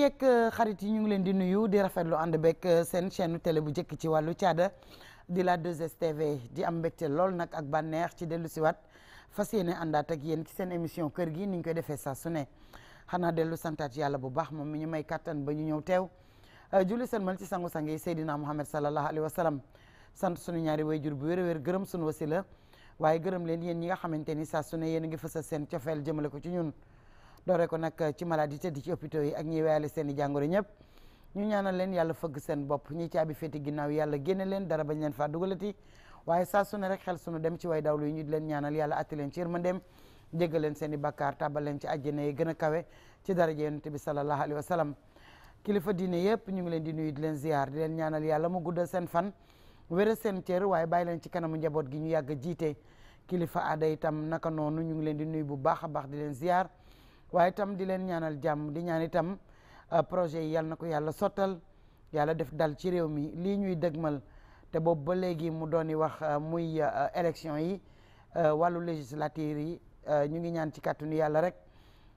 yeeg euh, xarit yi ñu ngi leen di nuyu di rafetlu ànd beeg euh, seen chaîne télé bu jëkk ci wàllu caada di la 2STV di am mbégte lool nag ak bànneex ci dellu siwaat fas yéene àndaat ak yéen ci seen émission kër gi ni ñu koy defee saa su ne xanaa dellu santaat yàlla bu baax moom mi ñu may kattan ba ñu ñëw teew euh, julli sëlmal ci sangu-sang yi Seydina Muhammad sallallahu alayhi wa sallam sant sunu ñaari wayjur bu wér a wér gërëm sunu wasila waaye gërëm leen yéen ñi nga xamante ni saa su ne yéen ngi fësal seen cofeel jëmale ko ci ñun doore ko nag ci maladi te di ci hôpitaux yi ak ñiy weyale seen i jàngoro ñëpp ñu ñaanal leen yàlla fëgg seen bopp ñi caabi féeti ginnaaw yàlla génne leen dara bañ leen faa dugalati waaye saa su ne rek xel sunu dem ci way dawlu yi ñu di leen ñaanal yàlla atti leen ci yërmandeem jéggal leen seen i bakkaar leen ci àjjana yi gën a kawe ci daraja yonent bi sallallahu alayhi wa sallam kilifa diine yëpp ñu ngi leen di nuyu di leen ziar di leen ñaanal yàlla mu guddal seen fan wéral seen cër waaye bàyyi ci kanamu njaboot gi ñu yàgg jiite kilifa aada itam naka noonu ñu ngi leen di nuyu bu baax a baax di leen ziar waaye tam di leen ñaanal jàmm di ñaan itam euh, projet yi yal na ko yàlla sottal yàlla def dal ci réew mi lii ñuy dëgmal te boobu ba léegi mu dooni wax euh, muy euh, élection yi wàllu législature yi ñu ngi ñaan ci kàttanu yàlla rek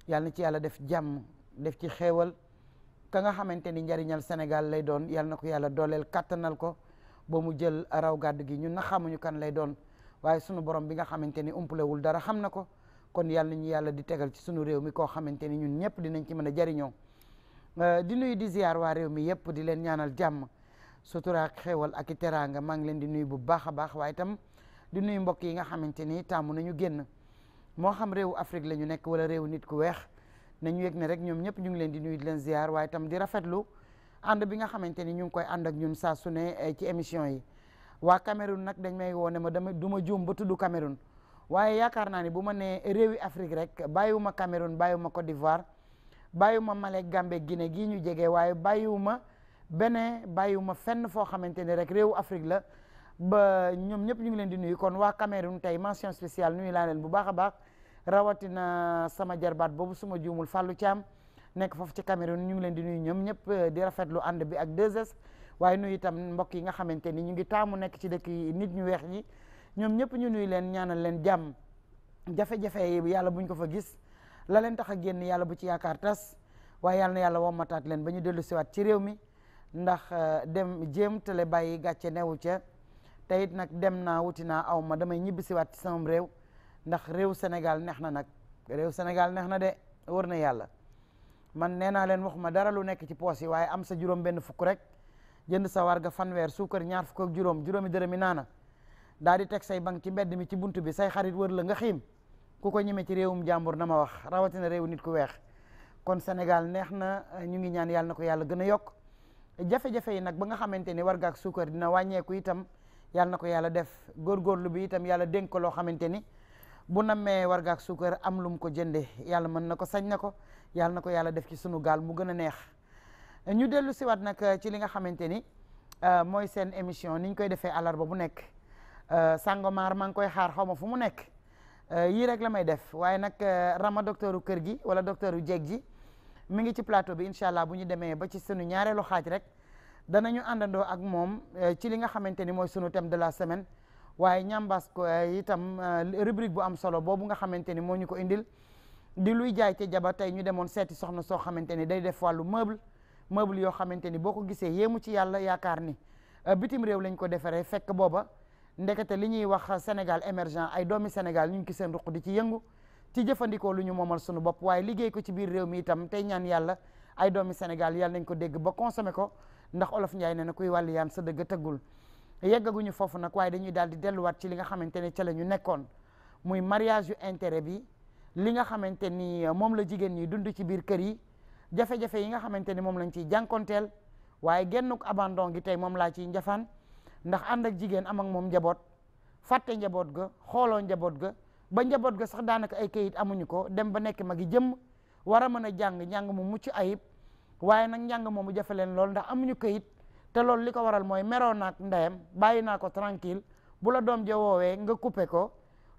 yàlla na ci yàlla def jàmm def ci xéewal ka nga xamante ni njariñal Sénégal lay doon yal na ko yàlla dooleel kattanal ko ba mu jël raw gàddu gi ñun na xamuñu kan lay doon waaye sunu borom bi nga xamante ni umpalewul dara xam na ko kon yàlla ñu yàlla di tegal ci sunu réew mi koo xamante ni ñun ñëpp dinañ ci mën a jariñoo euh, di nuyu di ziar waa réew mi yëpp di leen ñaanal jàmm sutura ak xewal ak i teraanga maa ngi leen di nuyu bu baax a baax waaye itam di nuyu mbokk yi nga xamante ni tàmm nañu génn moo xam réewu Afrique la ñu nekk wala réewu nit ku weex nañu yëg ne rek ñoom ñëpp ñu ngi leen di nuyu di leen ziar waaye tam di rafetlu ànd bi nga xamante ni ñu ngi koy ànd ak ñun saa su ne eh, ci émission yi waa Cameroun nag dañ may woone ma dama du ma juum ba tudd Cameroun waaye yaakaar naa ne bu ma nee réewi Afrique rek bàyyiwuma Cameroun bàyyiwuma Côte d'Ivoire bàyyiwuma male Gambie gine gii ñu jege waaye bàyyiwuma Benin bàyyiwuma fenn foo xamante ni rek réewu Afrique la ba ñoom ñëpp ñu ngi leen di nuyu kon waa Cameroun tey mention spéciale nuyu laa leen bu baax a baax rawatina sama jarbaat boobu suma juumul Fallou Thiam nekk foofu ci Cameroun ñu ngi leen di nuyu ñoom ñëpp eh, di rafetlu ànd bi ak 2S waaye nuyu itam mbokk yi nga xamante ni ñu ngi taamu nekk ci dëkk yi nit ñu weex ñi ñoom ñëpp ñu nuyu leen ñaanal leen jàmm jafe-jafe yi yàlla buñ ko fa gis la leen tax a génn yàlla bu ci yaakaar tas waaye yàlla yàlla yàlla wommataat leen ba ñu dellu si siwaat ci réew mi ndax euh, dem jéem tale bàyyi gàcce newu ca te nag dem naa wuti naa aw ma damay ñibbi siwaat ci sama réew ndax réew Sénégal neex na nag réew Sénégal neex na de war na yàlla man nee leen waxuma dara lu nekk ci poos yi waaye am sa juróom benn fukk rek jënd sa warga fanweer suukar ñaar fukk ak juróom juróomi dërëmi naana daa di teg say bank ci mbedd mi ci bunt bi say xarit wër la nga xiim ku ko ñemee ci réewum jàmbur na ma wax rawatina réew nit ku weex kon Sénégal neex na ñu ngi ñaan yàlla na ko yàlla gën a yokk jafe yi nag ba nga xamante ni warga ak suukar dina wàññeeku itam yàlla na ko yàlla def góorgóorlu bi itam yàlla dénk ko loo xamante ni bu nammee warga ak suukar am lum ko jënde yàlla mën na ko sañ na ko yàlla na ko yàlla def ci sunu gaal mu gën a neex ñu dellu siwaat nag ci li nga xamante ni euh, mooy seen émission ni ñu koy defee àllarba bu nekk Eh, Sangomar maa ngi koy xaar xaw ma fu mu nekk eh, yii rek la may def waaye nag eh, Rama docteuru kër gi wala docteuru jeeg ji mu ngi ci plateau bi incha allah bu ñu demee ba ci sunu ñaareelu xaaj rek danañu àndandoo ak moom ci li nga xamante ni mooy sunu thème de la semaine waaye ñambaas ko itam rubrique bu am solo boobu nga xamante ni moo ñu ko indil di luy jaay ci jaba tey ñu demoon seeti soxna soo xamante ni day def wàllu meuble meuble yoo xamante ni boo ko gisee yéemu ci yàlla yaakaar ni bitim réew lañ ko defaree fekk booba. ndekete li ñuy wax Sénégal émergent ay doomi Sénégal ñu ngi ci seen ruq di ci yëngu ci jëfandikoo lu ñu moomal sunu bopp waaye liggéey ko ci biir réew mi itam tey ñaan yàlla ay doomi Sénégal yàlla nañ ko dégg ba consommé ko ndax olof Njaay ne na kuy wàllu yaan sa dëgga tëggul yeggaguñu foofu nag waaye dañuy daal di delluwaat ci li nga xamante ne ca la ñu nekkoon muy mariage yu intérêt bi li nga xamante ni moom la jigéen ñi dund ci biir kër yi jafe-jafe yi nga xamante ni moom lañ ciy jànkonteel waaye gennuk abandon gi tey moom laa ciy njafaan ndax ànd ak jigéen am ak moom njaboot fàtte njaboot ga xooloo njaboot ga ba njaboot ga sax daanaka ay kayit amuñu ko dem ba nekk magi jëm war a mën a jàng njàng mu mucc ayib waaye nag njàng moomu jafe leen lool ndax amuñu kayit te loolu li ko waral mooy meroo naag ndeyam bàyyi naa ko tranquille bu la doom jo woowee nga coupé ko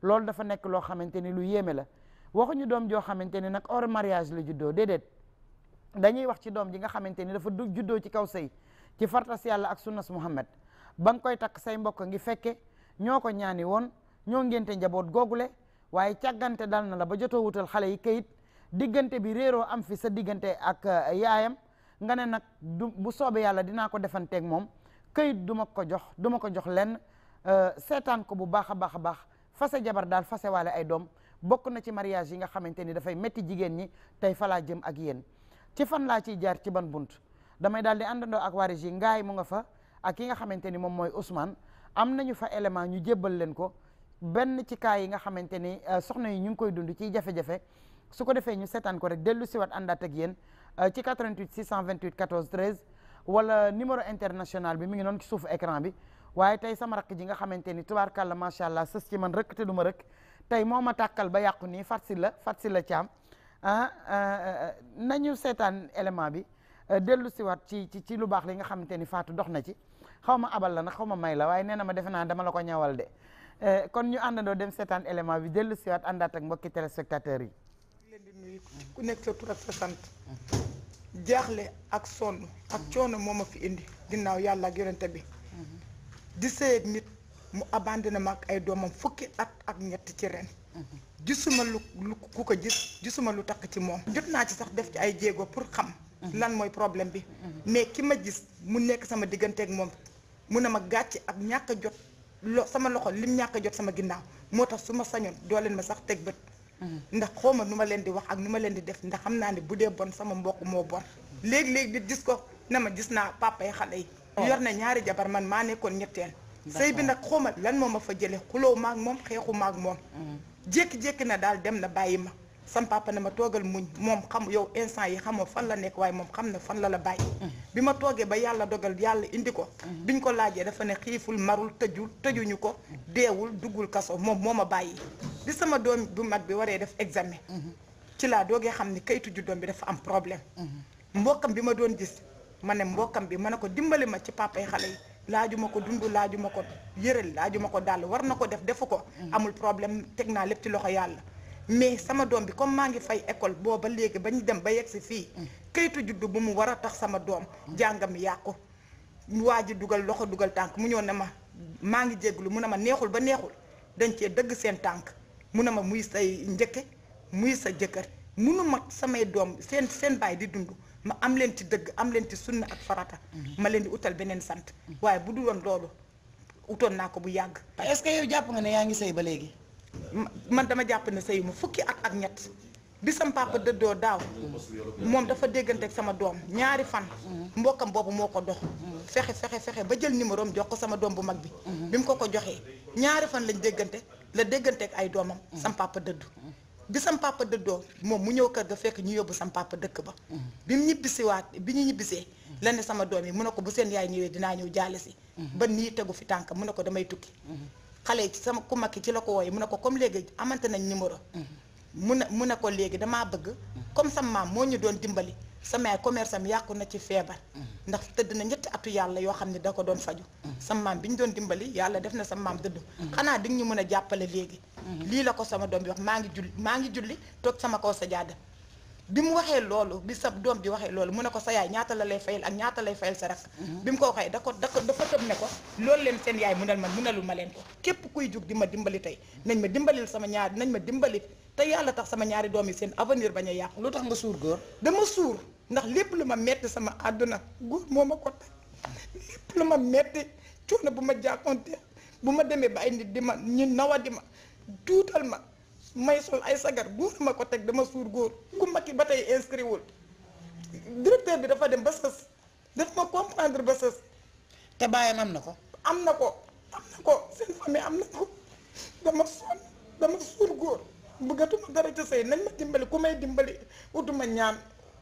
loolu dafa nekk loo xamante ni lu yéeme la waxuñu doom joo xamante ni nag hors mariage la juddoo déedéet dañuy wax ci doom ji nga xamante ni dafa du juddoo ci kaw sëy ci fartas yàlla ak sunnas muhammad ba nga koy takk say mbokk ngi fekke ñoo ko ñaani woon ñoo ngénte njaboot googule waaye càggante daal na la ba jotoo wutal xale yi kayit diggante bi réeroo am fi sa diggante ak eh, yaayam nga ne nag bu soobee yàlla dinaa ko defanteeg moom kayit duma ko jox duma ko jox lenn eh, seetaan ko bu baax a baax a baax fase jabar daal fase waale ay doom bokk na ci mariage yi nga xamante ni dafay métti jigéen ñi tey falaa jëm ak yéen ci fan laa ciy jaar ci ban bunt damay daal di àndandoo ak waaris yi mu nga fa ak ki nga xamante ni moom mooy Ousmane am nañu fa élément ñu jébbal leen ko benn ci cas yi nga xamante ni euh, soxna yi ñu ngi koy dund ciy jafe-jafe su ko defee ñu seetaan ko rek dellu siwaat àndaat ak yéen euh, ci 88 628 14 13 wala numéro international bi mi ngi noonu ci suufu écran bi waaye tey sama rakk ji nga xamante ni kalla macha allah sës ci man rëkk te du ma rëkk tey moom ma takkal ba yàqu nii fatsi la fatsi la caam ah, ah, ah nañu seetaan élément bi euh, dellu siwaat ci ci ci lu baax li nga xamante ni faatu dox na ci xaw ma abal la na xaw ma may la waaye nee na ma defe naa dama la ko ñawal de eh, kon ñu àndandoo dem seetaan élément bi dellu siwaat àndaat ak mbokki téléspectateurs yi leen di nuyu ku nekk sa ak sa jaaxle ak sonn ak coono moo ma fi indi ginnaaw yàlla ak yonente bi di seet nit mu abandonné ma ak ay doomam fukki at ak ñett ci ren gisuma lu ku ko gis gisuma lu takk ci moom jot naa ci sax def ci ay jéego pour xam mhm. lan mooy problème bi mhm. mais ki ma gis mu nekk sama digganteek moom mun ne ma gàcce ak ñàkk jot lo sama loxo lim ñàkk a jot sama ginnaaw moo tax su ma sañoon doo leen ma sax teg bët. Mm-hmm. ndax xaw ma nu ma leen di wax ak nu ma leen di def ndax xam naa ne bu dee bon sama mbokk moo bon. léegi léegi nit gis ko na ma gis naa papa yi xale yi. Oh. yor na ñaari jabar man maa nekkoon ñetteel. sëy bi nag xaw ma lan moo ma fa jëlee xuloo maak moom xeexu ma ak moom. Mm-hmm. jékki-jékki na daal dem na bàyyi ma. sam papa ne ma toogal muñ moom xam yow instant yi xamoo fan la nekk waaye moom xam na fan la la bàyyi. Mm. bi ma toogee ba yàlla dogal yàlla indi ko. Mm. biñ ko laajee dafa ne xiiful marul tëjul tëjuñu ko. Mm. deewul duggul kaso moom moo ma bàyyi. bi sama doom bu mag bi waree def examen. Mm-hmm. ci laa doogee xam ni kayitu juddoom bi dafa am problème. Mm-hmm. mbokkam bi ma doon gis ma ne mbokkam bi ma ne ko dimbali ma ci papa yi xale yi. laajuma ko dund laajuma ko yëral ko dàll war na ko def defu ko. Mm-hmm. amul problème teg naa lépp ci loxo yàlla. mais sama doom bi comme maa ngi fay école booba léegi ba ñu dem ba yegg si fii mm. këyitu juddu bu mu war a tax sama doom mm. jàngam yàqu waa ji dugal loxo dugal tànk mu ñëw ne ma maa ngi jégglu mu ne ma neexul ba neexul dañ cee dëgg seen tànk mun ne ma muy say njëkke muy sa jëkkër munu ma samay doom seen seen baay di dund ma am leen ci dëgg am leen ci sunn ak farata mm. ma leen di utal beneen sant waaye bu du woon loolu utoon naa ko bu yàgg est-ce que yow jàpp nga ne yaa ngi sëy ba léegi man dama jàpp ne ma fukki at ak ñett bi sam dëddoo daaw moom dafa déggante ak sama doom ñaari fan mm-hmm. mbokkam boobu moo ko dox fexe fexe fexe ba jël numéroom jox ko sama doom bu mag bi mm-hmm. bi mu ko ko joxee ñaari fan lañ déggante la déggante ak ay doomam mm-hmm. sam papa dëddu bi sam dëddoo moom mu ñëw kër ga fekk ñu yóbbu sam papa dëkk ba bi mu ñibbisiwaat bi ñu ñibbisee la ne sama doom yi mun ne ko bu seen yaay ñëwee dinaa ñëw jaale si ba nii tegu fi tànk mu ne ko damay tukki xale ci sama ku mag ki ci la ko wooyee mu ne ko comme léegi amante nañ numéro mm-hmm. mu a mu ne ko léegi damaa bëgg mm-hmm. comme sa maam moo ñu doon dimbali sama yaay commerce yàqu na ci feebar mm-hmm. ndax tëdd na ñetti atu yàlla yoo xam ne da ko doon faju sa maam bi ñu doon dimbali yàlla def na sa maam dëdd xanaa di ñu mën a jàppale léegi lii la ko sama doom bi wax maa ngi julli maa ngi julli toog sama kaw sa jaada bi mu waxee loolu bi sab doom bi waxee loolu mu ne ko sa yaay ñaata la lay fayal ak ñaata lay fayal sa rak mhm. bi mu ko waxee da ko dafa tëb ne ko loolu leen seen yaay munal man munalul ma leen ko képp kuy jug di ma dimbali tey nañ ma dimbalil sama ñaari nañ ma dimbali te yàlla tax sama ñaari doom yi seen avenir bañ a yàqu lu tax nga suur góor dama suur ndax lépp lu ma metti sama àdduna góor moo ma ko teg lépp lu ma metti coono bu ma jàkkoonte bu ma demee ba ay di ma ñu nawa di ma tuutal ma may sol ay sagar buur ma ko teg dama suur góor ku makki ba tey inscrit wul directeur bi dafa dem ba sës daf ma comprendre ba sës te bàyyam am na ko am na ko am na ko seen famille am na ko dama sonn dama suur góor bëggatuma dara ci sëy nañ ma dimbali ku may dimbali utuma ñaan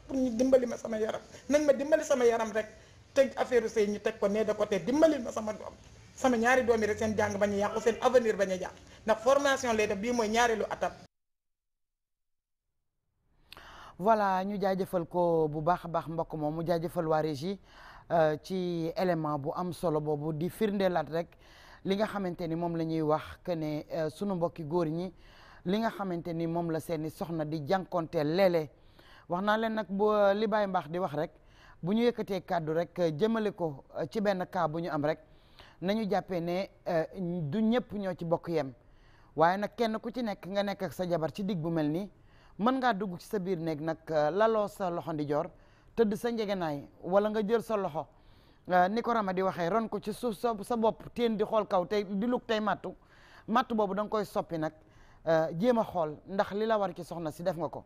pour ñu dimbali ma sama yaram nañ ma dimbali sama yaram rek teg affaire sëy ñu teg ko nee da ko te dimbali ma sama doom sama ñaari doom yi rek seen jàng bañ a yàqu seen avenir bañ a yàqu ndax formation lay def bii mooy ñaareelu atam. voilà ñu jaajëfal ko bu baax a baax mbokk moom mu jaajëfal waa régie euh, ci élément bu am solo boobu di firndeelaat rek li nga xamante ni moom la ñuy wax que ne euh, sunu mbokki góor ñi li nga xamante ni moom la seeni soxna di jànkonteel léeg wax naa leen nag boo euh, li Baye Mbaax di wax rek bu ñu yëkkatee kàddu rek jëmale ko ci benn cas bu ñu am rek. nañu jàppee ne euh, du ñëpp ñoo ci bokk yem waaye nag kenn ku ci nekk nga nekk ak sa jabar ci digg bu mel nii mën ngaa dugg ci sa biir néeg nag euh, laloo sa loxo ndi joor tëdd sa njegenaay wala nga jël sa loxo euh, ni ko rama di waxee ron ko ci suuf sa sa bopp teen di xool kaw tey di lug tey mattu màttu boobu da nga koy soppi nag jéem a xool ndax li la war ci soxna si def nga ko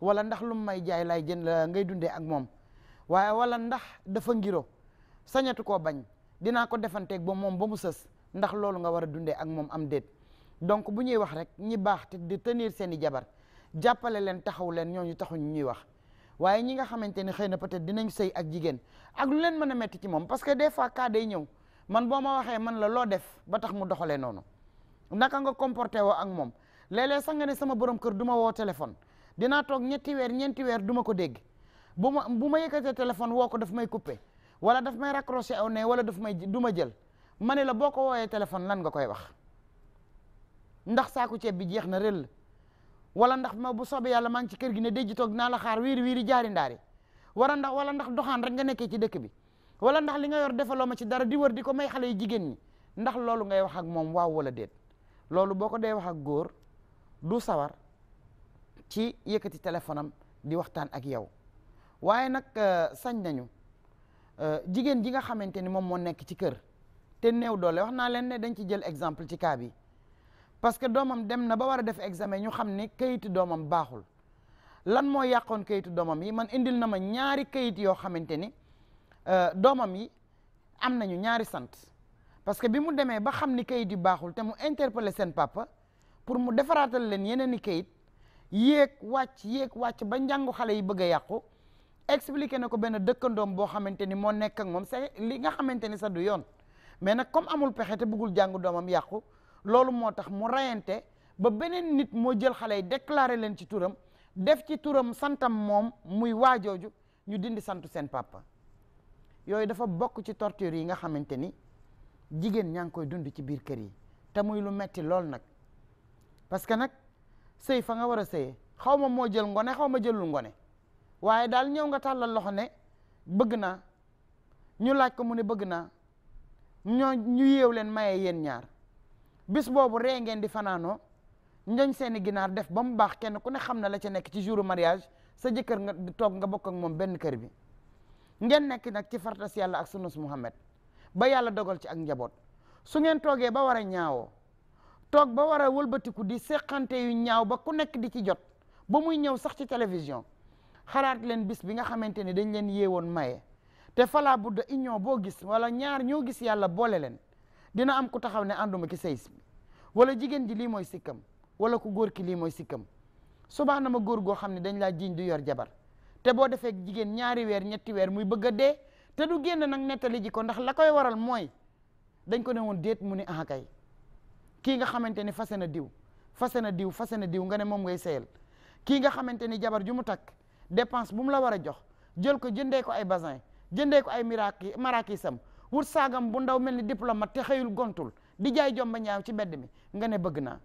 wala ndax lu may jaay laay jën la ngay dundee ak moom waaye wala ndax dafa ngiro sañatu koo bañ dinaa ko defanteeg ba moom ba mu sës ndax loolu nga war a dundee ak moom am déet donc bu ñuy wax rek ñi baax te di tenir seen i jabar jàppale leen taxaw leen ñooñu taxuñ ñuy wax waaye ñi nga xamante ni xëy na peut-être dinañ sëy ak jigéen ak lu leen mën a metti ci moom parce que des fois cas day ñëw man boo ma waxee man la loo def ba tax mu doxalee noonu naka nga comporté woo ak moom léeg-léeg sax nga ne sama borom kër duma woo téléphone dinaa toog ñetti weer ñeenti weer du ko dégg bu ma bu ma yëkkatee téléphone woo ko daf may coupé wala daf may raccroché aw ne wala daf may du ma jël ma ne la boo ko woowee téléphone lan nga koy wax ndax saaku ceeb bi jeex na rël wala ndax ma bu soobee yàlla maa ngi ci kër gi ne déjji toog naa la xaar wiiri wiiri jaari ndaari wala ndax wala ndax doxaan rek nga nekkee ci dëkk bi wala ndax li nga yor defaloo ma ci dara di wër di ko may xale yu jigéen ñi ndax loolu ngay wax ak moom waaw wala déet loolu boo ko dee wax ak góor du sawar ci yëkkati téléphone am di waxtaan ak yow waaye nag euh, sañ nañu Euh, jigéen ji nga xamante ni moom moo nekk ci kër te néew doole wax naa leen ne dañ ci jël exemple ci cas bi parce que doomam dem na ba war a def examen ñu xam ne kayitu doomam baaxul lan moo yàqoon kayitu doomam yi man indil na ma ñaari kayit yoo xamante ni euh, doomam yi am nañu ñaari sant parce que bi mu demee ba xam ni kayit yu baaxul te mu interpeller seen papa pour mu defaraatal leen yeneen i kayit yéeg wàcc yéeg wàcc ba njàngu xale yi bëgg a yàqu expliqué na ko benn dëkkandoom boo xamante ni moo nekk ak moom c'est li nga xamante ni sax du yoon mais nag comme amul pexe te bëggul jàngu doomam yàqu loolu moo tax mu rayante ba beneen nit moo jël xale yi déclaré leen ci turam def ci turam santam moom muy waajooju ñu dindi santu seen papa yooyu dafa bokk ci torture yi nga xamante ni jigéen ñaa ngi koy dund ci biir kër yi te muy lu metti lool nag parce que nag sëy fa nga war a sëyee xaw ma moo jël ngone xaw ma jëlul ngone waaye daal ñëw nga tàllal loxo ne bëgg naa ñu laaj ko mu ne bëgg naa ñoo ñu yeew leen maye yéen ñaar bis boobu ree ngeen di fanaanoo njoñ seeni ginaar def ba mu baax kenn ku ne xam na la ca nekk ci jouru mariage sa jëkkër toog nga bokk ak moom benn kër bi ngeen nekk nag ci fartas yàlla ak sunus muhammad ba yàlla dogal ci ak njaboot su ngeen toogee ba war ñaawoo toog ba war wëlbatiku di séqante yu ñaaw ba ku nekk di ci jot ba muy ñëw sax ci télévision xalaat leen bis bi nga xamante ne dañ leen yee woon maye te falaa budda union boo gis wala ñaar ñoo gis yàlla boole leen dina am ku taxaw ne ànduma ki says bi wala jigéen ji lii mooy sikkam wala ku góor ki lii mooy sikkam subaa na ma góor goo xam ne dañ laa jiiñ di yor jabar te boo defee jigéen ñaari weer ñetti weer muy bëgg a dee te du génn nag nettali ji ko ndax la koy waral mooy dañ ko ne woon déet mu ni ah kay kii nga xamante ni fase na diw fase na diw fase na diw nga ne moom ngay seyal kii nga xamante ni jabar ju mu takk dépense bu mu la war a jox jël ko jëndee ko ay basin jëndee ko ay miraaki maraakisam wut saagam bu ndaw mel ni diplomate te xëyul gontul di jaay jomba ñaaw ci mbedd mi nga ne bëgg naa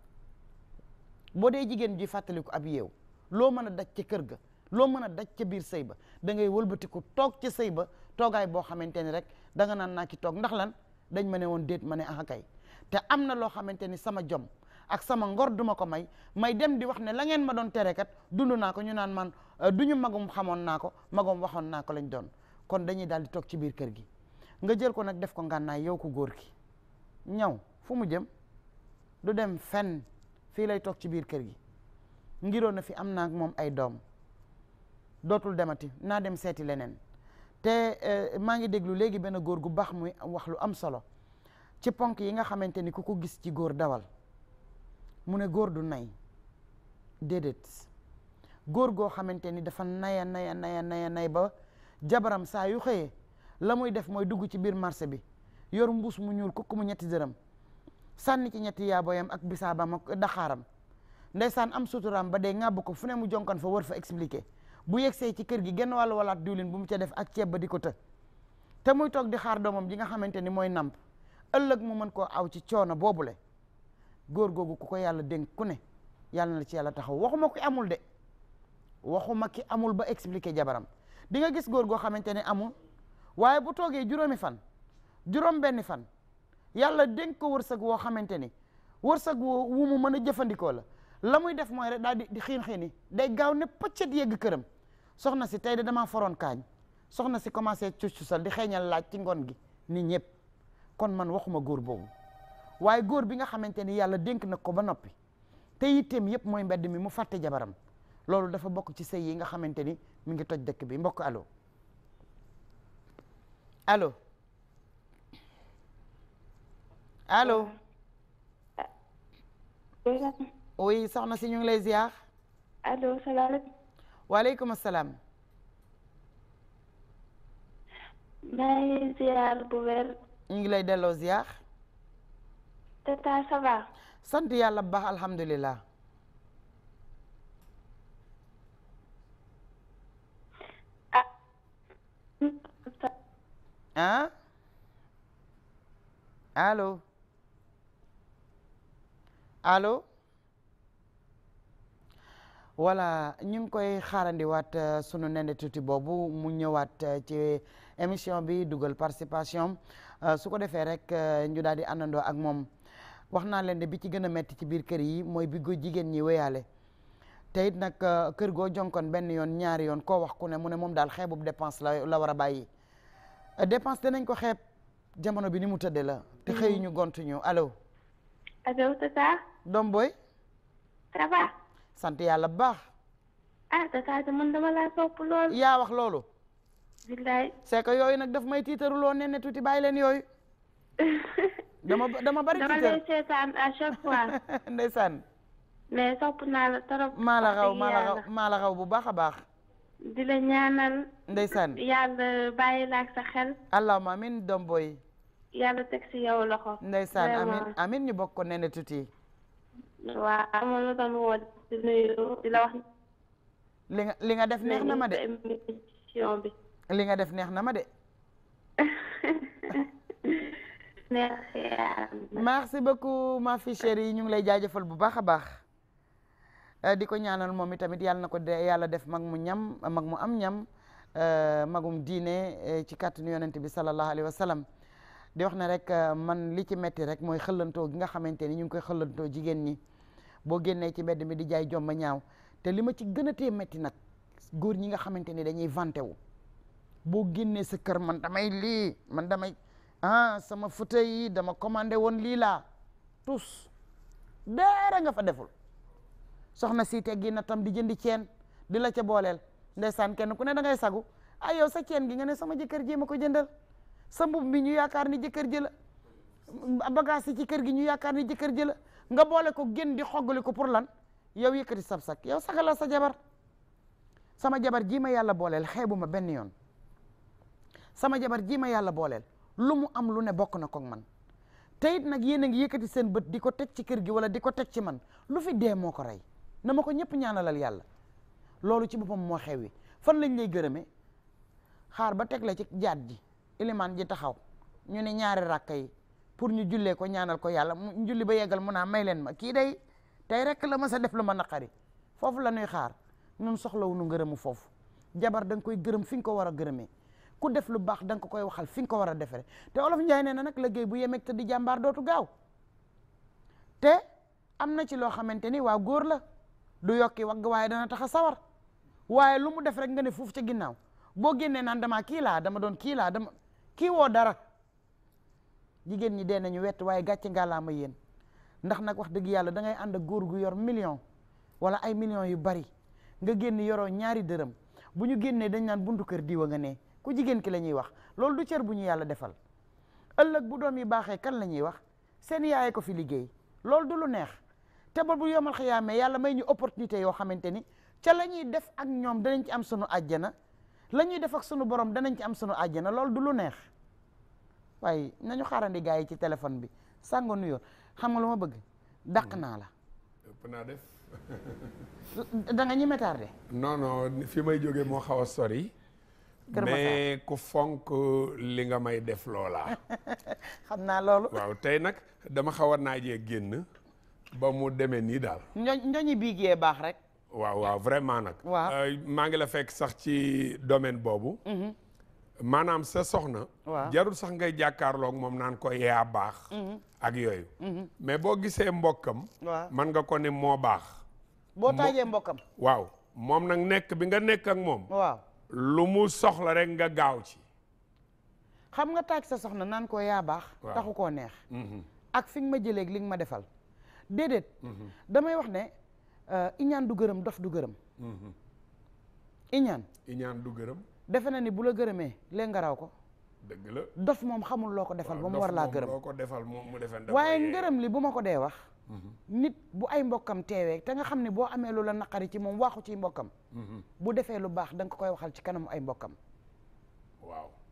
boo dee jigéen ji fàttaliku ab yeew loo mën a daj ca kër ga loo mën a daj ca biir sëy ba da ngay wëlbatiku toog ca sëy ba toogaay boo xamante ni rek da nga naan naa ci toog ndax lan dañ ma ne woon déet ma ne ah kay te am na loo xamante ni sama jom ak sama ngor duma ko may may dem di wax ne la ngeen ma doon tere kat dund naa ko ñu naan man Euh, du ñu magum xamoon naa ko magum waxoon naa ko lañ doon kon dañuy daal di toog ci biir kër gi nga jël ko nag def ko ngànnaay yow ku góor ki ñaw fu mu jëm du dem fenn fii lay toog ci biir kër gi ngiroon na fi am naa moom ay doom dootul demati naa dem seeti leneen te euh, maa ngi déglu léegi benn góor gu baax muy wax lu am solo ci ponk yi nga xamante ni ku ko gis ci góor dawal mu ne góor du nay déedéet góor goo xamante ni dafa naya naya naya naya nay ba jabaram saa yu xëyee la muy def mooy dugg ci biir marché bi yor mbuus mu ñuul kukku mu ñetti dërëm sànni ci ñetti yaaboyam ak bisaabam ak daxaaram ndeysaan am suturaam ba dee ŋàbb ko fu ne mu jonkan fa fa expliqué bu yegsee ci kër gi genn wàllu walaat diwlin bu mu ca def ak ceeb ba di ko të te muy toog di xaar doomam ji nga xamante ni mooy namp ëllëg mu mën koo aw ci coono boobule góor googu ku ko yàlla dénk ku ne yàlla na la ci yàlla taxaw waxuma ko amul de waxuma ki amul ba expliquer jabaram di nga gis góor goo xamante ni amul waaye bu toogee juróomi fan juróom benni fan yàlla dénk ko wërsëg woo xamante ni wërsëg woo wu mën a jëfandikoo la la muy def mooy rek daal di xiin xiini day gaaw ne pëccet yegg këram soxna si tey de damaa foroon kaañ soxna si commencé cucusal di xeeñal laaj ci ngoon gi nii ñëpp kon man waxuma góor boobu waaye góor bi nga xamante ni yàlla dénk nag ko ba noppi te yitteem yëpp mooy mbedd mi mu fàtte jabaram loolu dafa bokk ci sëy yi nga xamante ni mu ngi toj dëkk bi mbokk alo allo allo oui soxna si ñu ngi lay ziar allo salaamaaleykum waaleykum asalaam maa ngi bu wér ñu ngi lay delloo ziar tata sant yàlla bu baax alhamdulilah ah allo allo voilà ñu ngi koy xaarandiwaat euh, sunu nende tuuti boobu mu ñëwaat euh, ci émission bi dugal participation euh, su ko defee rek ñu daal di àndandoo ak moom wax naa leen de bi ci gën a metti ci biir kër yi mooy bi go jigéen ñi wéyaale te it nag kër goo jonkon benn yoon ñaari yoon koo wax ku ne mu ne moom daal xeebub dépense la la war a bàyyi dépense danañ ko xeeb jamono bi ni mu tëddee la. te mm-hmm. xëy ñu gont ñu allo. allo tata. doom booy. ça va. sant yàlla bu baax. ah tata te man dama laa sopp lool. yaa wax loolu. billaay. c'est que yooyu nag daf may tiitaruloo ne ne tuuti bàyyi leen yooyu. dama dama bari tiitar dama lay seetaan à chaque fois. ndeysaan. mais sopp naa la trop. maa la raw maa la raw maa la raw bu baax a baax. di la ñaanal. ndeysaan yàlla bàyyi laa sa xel. allahumma amiin doom booy. yàlla teg si yow loxo. ndeysaan amiin amiin ñu bokk ko nene tuuti. waaw na li nga li nga def neex na ma de. émission bi. li nga def neex na ma de. merci. merci beaucoup ma fi yi ñu ngi lay jaajëfal bu baax a baax. Eh, di ko ñaanal moom i tamit yàlla na ko yàlla def mag mu ñam mag mu am ñam eh, magum diine eh, ci kàttanu yonent bi sallallahu alayhi wa sallam di wax na rek man li ci metti rek mooy xëllantoo gi nga xamante ni ñu ngi koy xëllantoo jigéen ñi boo génnee ci mbedd mi di jaay jomba ñaaw te li ma ci gën a tee metti nag góor ñi nga xamante ni dañuy vanté wu boo génnee sa kër man damay lii man damay ah sama fauteuil yi dama commandé woon lii laa tous dara nga fa deful soxna si teggi na tam di jëndi ceen di la ca booleel ndeysaan kenn ku ne da ngay sagu ah yow sa ceen gi nga ne sama jëkkër ji ma ko jëndal sa mbubb mi ñu yaakaar ni jëkkër ji la ci kër gi ñu yaakaar ni jëkkër ji la nga boole ko gën di xoggali ko pour lan yow yëkkati sab sag yow sagala sa jabar sama jabar ji ma yàlla booleel xeebu ma benn yoon sama jabar jii ma yàlla booleel lu mu am lu ne bokk na ko man tey it nag yéen a ngi yëkkati seen bët di ko teg ci kër gi wala di ko teg ci man lu fi dee moo ko rey na ma ko ñëpp ñaanalal yàlla loolu ci boppam moo xewi fan lañ lay gërëme xaar ba teg la ci jaat ji ilimaan ji taxaw ñu ne ñaari rakka yi pour ñu jullee ko ñaanal ko yàlla mu julli ba yeggal mu naa may leen ma kii day tey rek la ma sa def lu ma naqari foofu la nuy xaar ñun soxlawuñu ngërëmu foofu jabar da koy gërëm fi nga ko war a gërëmee ku def lu baax danga ko koy waxal fi nga ko war a defere te olof Njaay nee na nag liggéey bu yemeeg te di jàmbaar dootu gaaw na ci loo xamante ni waa góor la du yokki wagg waaye dana tax a sawar waaye lu mu def rek nga ne fuuf ca ginnaaw boo génnee naan damaa kii laa dama doon kii laa dama kii dara jigéen ñi dee nañu wett waaye gàcce ngaalaama yéen ndax nag wax dëgg yàlla dangay ngay ànd ak góor gu yor million wala ay millions yu bari nga génn yoroo ñaari dërëm bu ñu génnee dañ naan buntu kër diwa nga ne ku jigéen ki la ñuy wax loolu du cër bu ñu yàlla defal ëllëg bu doom yi baaxee kan la ñuy wax seen yaayee ko fi liggéey neex te ba bu yomal xiyaamee yàlla may ñu opportunité yoo xamante ni ca la ñuy def ak ñoom danañ ci am sunu àjjana la ñuy def ak sunu borom danañ ci am sunu àjjana loolu du lu neex waaye nañu xaarandi gars yi ci téléphone bi sàngo nuyoon xam nga lu ma bëgg daq hmm. naa la ëpp def da nga ñi tardé. non non fi may jóge moo xaw a sori mais ku fonk li nga may def loola. xam naa loolu waaw tey nag dama xaw a naajee génn ba mu demee nii daal. ñooñu biig yee baax rek. waaw waaw vraiment nag. waaw euh, maa ngi la fekk sax ci domaine boobu. Mm-hmm. maanaam sa soxna. waaw jarul sax ngay jàkkaarlook moom naan ko yaa baax. Mm-hmm. ak yooyu. Mm-hmm. boo gisee mbokkam. waaw man nga ko ne moo baax. boo taajee mbokkam. waaw moom nag nekk bi nga nekk ak moom. waaw lu mu soxla rek nga gaaw ci. xam nga taaj sa soxna naan ko yaa baax. taxu koo neex. ak fi nga ma jëlee li nga ma defal. déedéet. damay wax ne euh, iñaan du gërëm dof du gërëm. iñaan. iñaan du gërëm. defe na ni bu la gërëmee lee ngaraw ko. dëgg la dof moom xamul loo ko defal ba mu war laa gërëm ko defal moom mu defal waaye ngërëm li bu ma ko dee wax. Mhm. nit bu ay mbokkam teewee te nga xam ne boo amee lu la naqari ci moom waxu ci mbokkam. Mhm. bu defee lu baax danga nga koy waxal ci kanamu ay mbokkam.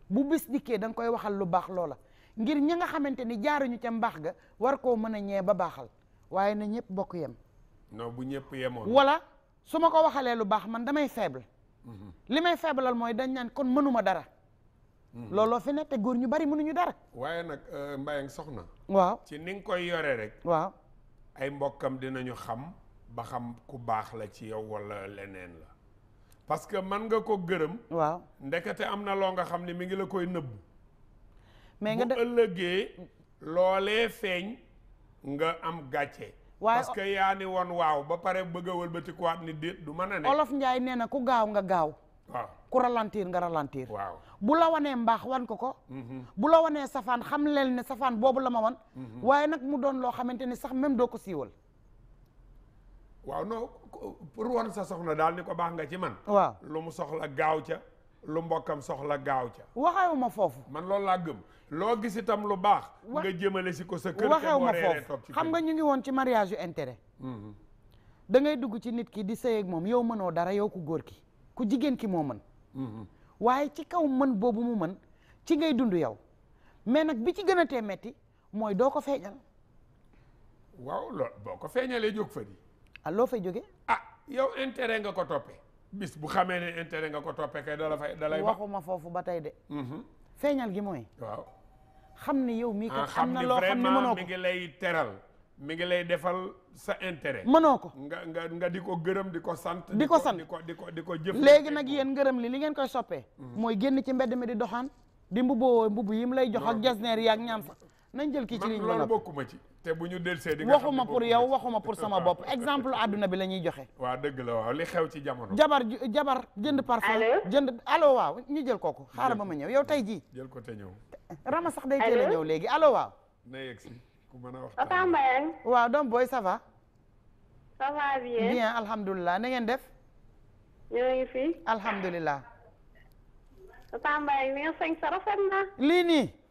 bu bis dikkee da nga koy waxal lu baax loola ngir ña nga xamante ni jaaruñu ca mbaax ga war koo mën a ñee ba baaxal. waaye na ñëpp bokk yem. non bu ñëpp yemoon. wala su ma ko waxalee lu baax man damay faible. Mhm. li may faiblal mooy dañ naan kon mënuma dara. Mhm. looloo fi ne te góor ñu bari mënuñu dara. waaye nag euh, Mbayang soxna. waaw ci ni nga koy yore rek. waaw ay mbokkam dinañu xam ba xam ku baax la ci yow wala leneen la. parce que man nga ko gërëm. waaw ndekete am na loo nga xam ne mi ngi la koy nëbbu mais nga bu ëllëgee loolee feeñ. nga am gàcce. waaye parce que yaa ni woon waaw ba pare bëgg a wëlbatikuwaat ni déet du mën a olof Njaay nee na ku gaaw nga gaaw. waaw ku ralentir nga ralantiir waaw bu la wanee mbaax wan ko ko. Mhm. bu la wanee safaan xam leen ne safaan boobu la ma wan. Mhm. waaye nag mu doon loo xamante ni sax même doo ko siiwal. waaw non pour wan sa soxna daal ni ko baax nga ci man. waaw lu mu soxla gaaw ca lu mbokkam soxla gaaw ca. waxayuma foofu. man loolu laa gëm. loo gis itam lu baax. nga jëmale si ko sa kër. waxew ma foofu xam nga ñu ngi woon ci mariage yu intérêt. Mm-hmm. da ngay dugg ci nit ki di sëy moom yow mënoo dara yow ku góor ki ku jigéen ki moo mën. Mm-hmm. waaye ci kaw mën boobu mu mën ci ngay dund yow mais nag bi ci gën a tee metti mooy doo ko feeñal. waaw lool boo ko feeñalee jóg fa di. ah loo fay jóge ah yow intérêt nga ko toppee. bis bu xamee ne intérêt nga ko toppee kay dala fay dalay. waxuma foofu ba tey de. Mm-hmm. feeñal gi mooy. xam ni yow mi kat xam na loo xam ni mënoo ko mi ngi lay teral mi ngi lay defal sa intérêt mënoo ko nga nga nga di ko gërëm di ko sant di ko sant di ko di ko di léegi nag yéen ngërëm li li ngeen koy soppee mhm. mooy génn ci mbedd mi di doxaan di mbubboo mbubbu yi lay jox ak jasneer yaag ñaam sax nañ jël kii ci liñ man loolu bokkuma ci te bu ñu dellusee di nga waxuma pour yow waxuma pour sama bopp exemple àdduna bi la joxe waaw dëgg la waaw xew ci jamono jabar jabar jënd parfum jënd allo waaw ñu jël kooku xaaral ba ma ñëw yow tey jii jël ko te rama sax day teel a ñëw léegi allo waaw na yegg si ku mën na ngeen def ñoo ngi fi lii nii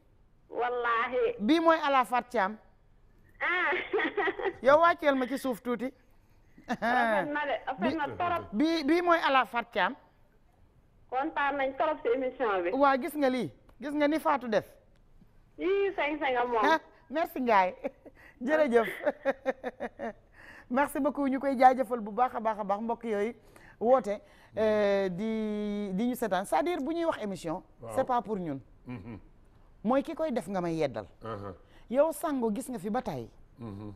wallaahi. bii mooy ala Fat Thiam. ah. yow wàcceel ma ci suuf tuuti. rafet na bii bii mooy ala Fat Thiam. kontaan nañ torop si émission bi. waa gis nga lii gis nga ni faatu def. yii sëñ sëñ moom. Ah, merci ngaay jërëjëf. merci beaucoup ñu koy jaajëfal bu baax a baax a baax mbokk yooyu woote euh, di di ñu seetaan cest bu ñuy wax émission. c'est pas pour ñun. Mhm. mooy ki koy def nga may yeddal uh-huh. yow sango gis nga fi ba tey mm-hmm.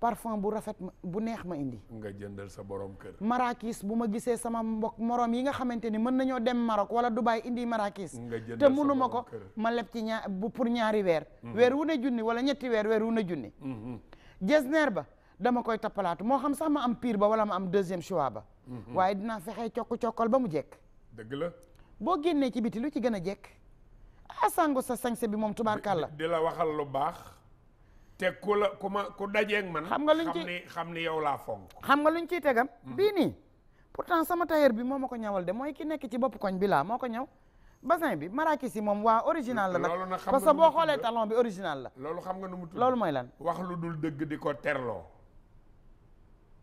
parfum bu rafet bu neex ma indi nga jëndal sa borom kër marakis bu ma gisee sama mbokk moroom yi nga xamante ni mën nañoo dem Maroc wala Dubaï indi marakis te mënuma ko ma leb ci ñaar bu pour ñaari weer mm-hmm. weer wu ne junni wala ñetti weer weer wu ne junni mm-hmm. jesner ba dama koy tappalaatu moo xam sax ma am piir ba wala ma am deuxième choix ba waaye dinaa fexee cokk cokkal ba mu jekk dëgg la boo génnee ci biti lu ci gën a jekk a ah, sangu sa sañse bi moom tubaarkàlla di la waxal lu baax te ku la ku ma ku dajeeg man xam nga luñ ci xam ni yow laa fonk xam nga luñ ciy tegam mm-hmm. bii nii pourtant sama tailleur bi moo ma ko ñawal de mooy ki nekk ci bopp koñ bi laa moo ko ñaw bassin bi marakis yi moom waa original la nag parce que boo xoolee talon bi original la loolu xam nga nu mu loolu mooy lan wax lu dul dëgg di ko terloo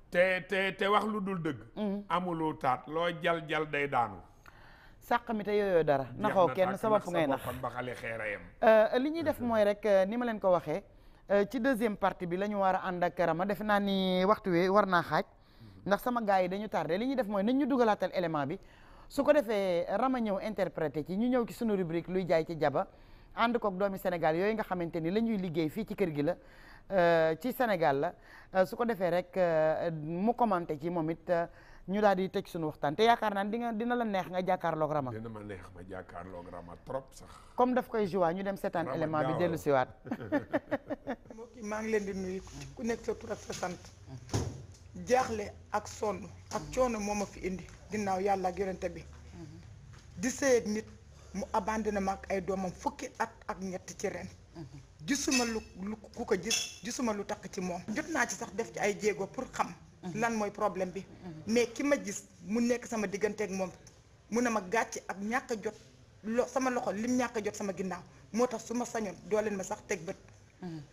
te te te wax lu dul dëgg mm-hmm. amuloo taat loo jal jal day daanu sàq mi te yooyoo dara naxoo kenn sabab fu ngay nax euh, li ñuy def mooy rek euh, ni ma leen ko waxee euh, ci deuxième partie bi la ñu war a ànd ak Rama defe naa ni waxtu wi war naa xaaj mhm. ndax sama gars yi dañu tardé li ñuy def mooy nañ ñu dugalaatal élément bi su ko defee Rama ñëw interprété ci ñu ñëw ci sunu rubrique luy jaay ci jaba ànd koog doomi Sénégal yooyu nga xamante ni lañuy liggéey fii ci kër gi la ci Sénégal la su ko defee rek mu commenté ci moom it ñu daal di tëj suñu waxtaan te yaakaar naan di nga dina la neex nga jàkkaarloog Rama. dina ma neex ma jàkkaarloog Rama trop sax. comme daf koy jouer ñu dem seetaan élément bi dellu siwaat mbokk maa ngi leen di ku nekk sa ak sant jaaxle ak sonn ak coono moo ma fi indi ginnaaw yàlla ak yonente bi di seeyeg nit mu abandonné ma ak ay doomam fukki at ak ñett ci ren. gisuma lu ku ko gis gisuma lu takk ci moom. jot naa ci sax def ci ay jéego pour xam. lan mooy problème bi mais ki ma gis mu nekk sama diggante ak moom mun ne ma gàcce ak ñàkk jot lo sama loxo lim ñàkk jot sama ginnaaw moo tax su ma sañoon doo leen ma sax teg bët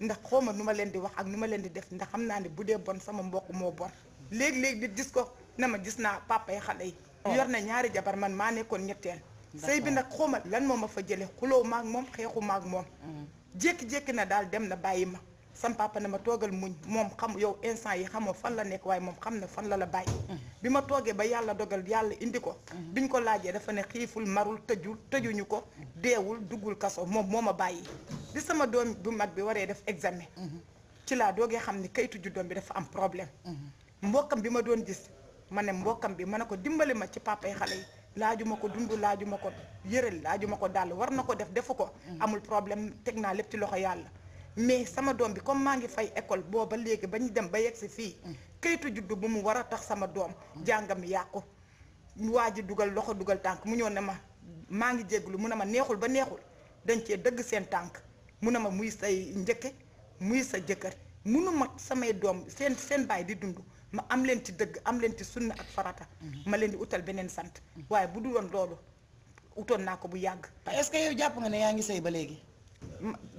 ndax xawma nu ma leen di wax ak nu ma leen di def ndax xam naa ne bu dee bon sama mboq moo bon léegi-léegi di gis ko na ma gis naa papa yi xale yi oh. yor na ñaari jabar man maa nekkoon ñetteel sëy bi nag xawma lan moom ma fa jële xuloo maak moom xeexu maak moom mm. jékki-jékki na daal dem na bàyyi ma sam papa na ma toogal muñ moom xam yow instant yi xamoo fan la nekk waaye moom xam na fan la la bàyyi. Mm. bi ma toogee ba yàlla dogal yàlla indi ko. Mm. biñ ko laajee dafa ne xiiful marul tëju tëjuñu ko. deewul duggul kaso moom moo ma bàyyi. bi sama doom bu mag bi waree def examen. Mm-hmm. ci laa doogee xam ni kayitu ju doom bi dafa am problème. Mm-hmm. mbokkam bi ma doon gis ma ne mbokkam bi ma ne ko dimbali ma ci papa yi xale yi. laajuma ko dund laajuma ko yërel laajuma ko dàll war na ko def defu ko. Mm. amul problème teg naa lépp ci loxo yàlla. mais sama doom bi comme maa ngi fay école booba léegi ba ñu dem ba yegg si fii mm. kayitu juddu bu mu war a tax sama doom mm. jàngam yàqu waa ji dugal loxo dugal tànk mu ñëw ne ma maa ngi jégglu mu ne ma neexul ba neexul dañ cee dëgg seen tànk mu ne ma muy say njëkke muy sa jëkkër munu ma samay doom seen seen baay di dund ma am leen ci dëgg am leen ci sunn ak farata mm-hmm. ma leen di utal beneen sant mm-hmm. waaye bu du woon loolu utoon naa ko bu yàgg est-ce que yow jàpp ne yaa ngi sëy ba léegi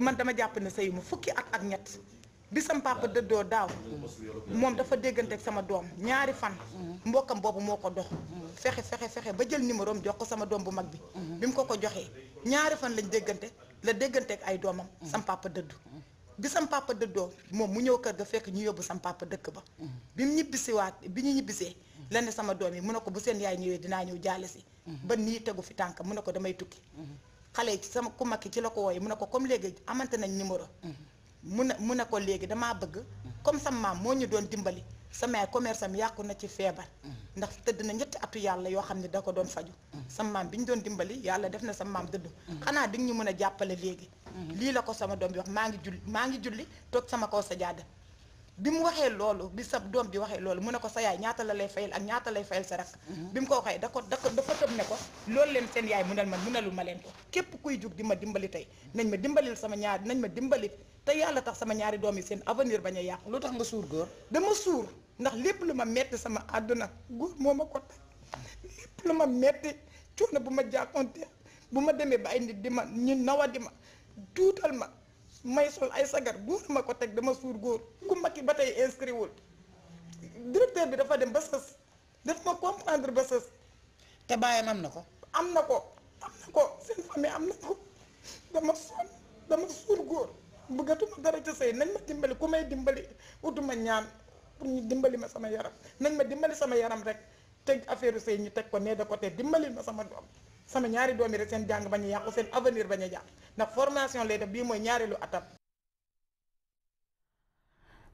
man dama jàpp ne sëyu ma fukki at ak ñett bi sam papa dëddoo daaw moom dafa déggante ak sama doom ñaari fan mbokkam boobu moo ko dox fexe fexe fexe ba jël numéro am jox ko sama doom bu mag bi bi mu ko ko joxee ñaari fan lañ déggante la déggante ak ay doomam sam papa dëddu bi sam dëddoo moom mu ñëw kër ga fekk ñu yóbbu sam papa dëkk ba bi mu ñibbisiwaat bi ñu ñibbisee la ne sama doom yi mu ne ko bu seen yaay ñëwee dinaa ñëw jaale si ba nii tegu fi tànk mu ne ko damay tukki xale ci sama ku mag ci la ko wooyee mun a ko comme léegi amante nañ numéro. mu a mu ne ko léegi damaa bëgg. comme sama maam moo ñu doon dimbali. sama yaay commerce yàqu na ci feebar. ndax tëdd na ñetti atu yàlla yoo xam ne da ko doon faju sama maam bi ñu doon dimbali yàlla def na sama maam dëdd. xanaa di ñu mën a jàppale léegi. lii la ko sama doom bi wax maa ngi julli maa ngi julli toog sama kaw sa jaada bi mu waxee loolu bi sab doom bi waxee loolu mu ne ko sa yaay ñaata la lay fayal ak ñaata lay fayal sa rak mhm. bi mu ko waxee da ko da ko dafa tëb ne ko loolu leen seen yaay munal ma munalul ma leen ko képp kuy jug di ma dimbali tey nañ ma dimbalil sama ñaar nañ ma dimbali te yàlla tax sama ñaari doom yi seen avenir bañ a yàqu loo tax nga suur góor dama suur ndax lépp lu ma metti sama àdduna góor moo ma ko teg lépp lu ma metti coono bu ma jàkkoonte bu ma demee ba ay di ma ñu nawa di ma tuutal ma may sol ay sagar góor ma ko teg dama suur góor ku makki ba tey inscrit wul directeur bi dafa dem ba sës daf ma comprendre ba sës te bàyyam am na ko am na ko am na ko seen famille am na ko dama sonn dama suur góor bëggatuma dara ca sëy nañ ma dimbali ku may dimbali utuma ñaan pour ñu dimbali ma sama yaram nañ ma dimbali sama yaram rek teg affaire sëy ñu teg ko ne de côté dimbali ma sama doom sama ñaari doom yi rek seen jàng bañ a yàqu seen avenir bañ a ndax formation lay def bii mooy ñaareelu atam.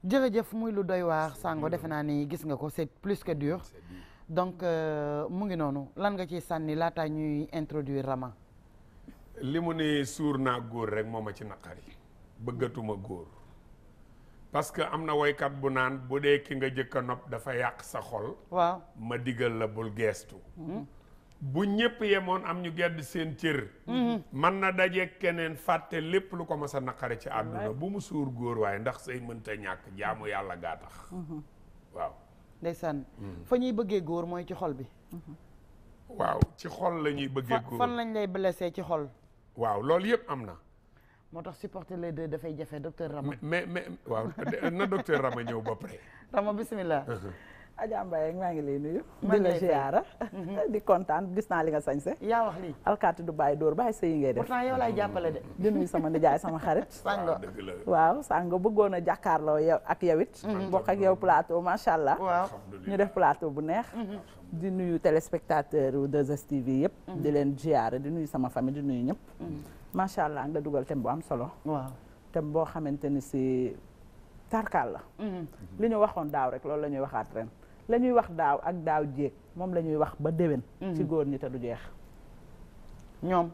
jërëjëf muy lu doy waa Sango defe naa ni gis nga ko c'est plus que dur donc euh, mu ngi noonu lan nga ciy sànni laataa ñuy introduire Rama. li mu ne suur naa góor rek moom ma ci naqari bëggatuma góor parce que am na woykat bu naan bu dee ki nga jëkk a nopp dafa yàq sa xol. waaw ma digal la bul geestu. Hmm. bu ñëpp yemoon am ñu gedd seen cër man mhm. na daje keneen fàtte lépp lu ko mas a naqare ci àdduna bu mu suur góor waaye ndax say mënta ñàkk jaamu yàlla gaa tax mhm. waaw ndeysaan mhm. fa ñuy bëggee góor mooy ci xol bi waaw ci xol la ñuy bëggee góor fan lañ lay blessé ci xol waaw loolu yëpp am na moo tax supporter les deux dafay jafe docteur Rama mais mais waaw na docteur Rama ñëw ba pare Rama bismillah uh-huh. Adja Mbaye maa ngi lay nuyu. di la ziara. Mhm. di kontaan gis naa li nga sañse yaa wax lii alkaati du bàyyi dóor bàyyi sëy yi ngay def. pourtant yow di nuyu sama nijaay sama xarit. sàngo ah, waaw sàngo bëggoon a jàkkaarloo yow ak yow it. Mhm. ak yow plateau macha allah. waaw ñu def plateau bu neex. Mhm. di nuyu téléspectateur yu 2STV yëpp. di leen ziara di nuyu sama famille di nuyu ñëpp. macha allah nga dugal thème bu am solo. waaw boo xamante ni si tarkaal la. li ñu waxoon daaw rek loolu la ñuy waxaat ren. la ñuy wax daaw ak daaw jéeg moom la ñuy wax ba déwén. Mm-hmm. ci góor ñi te du jeex. ñoom.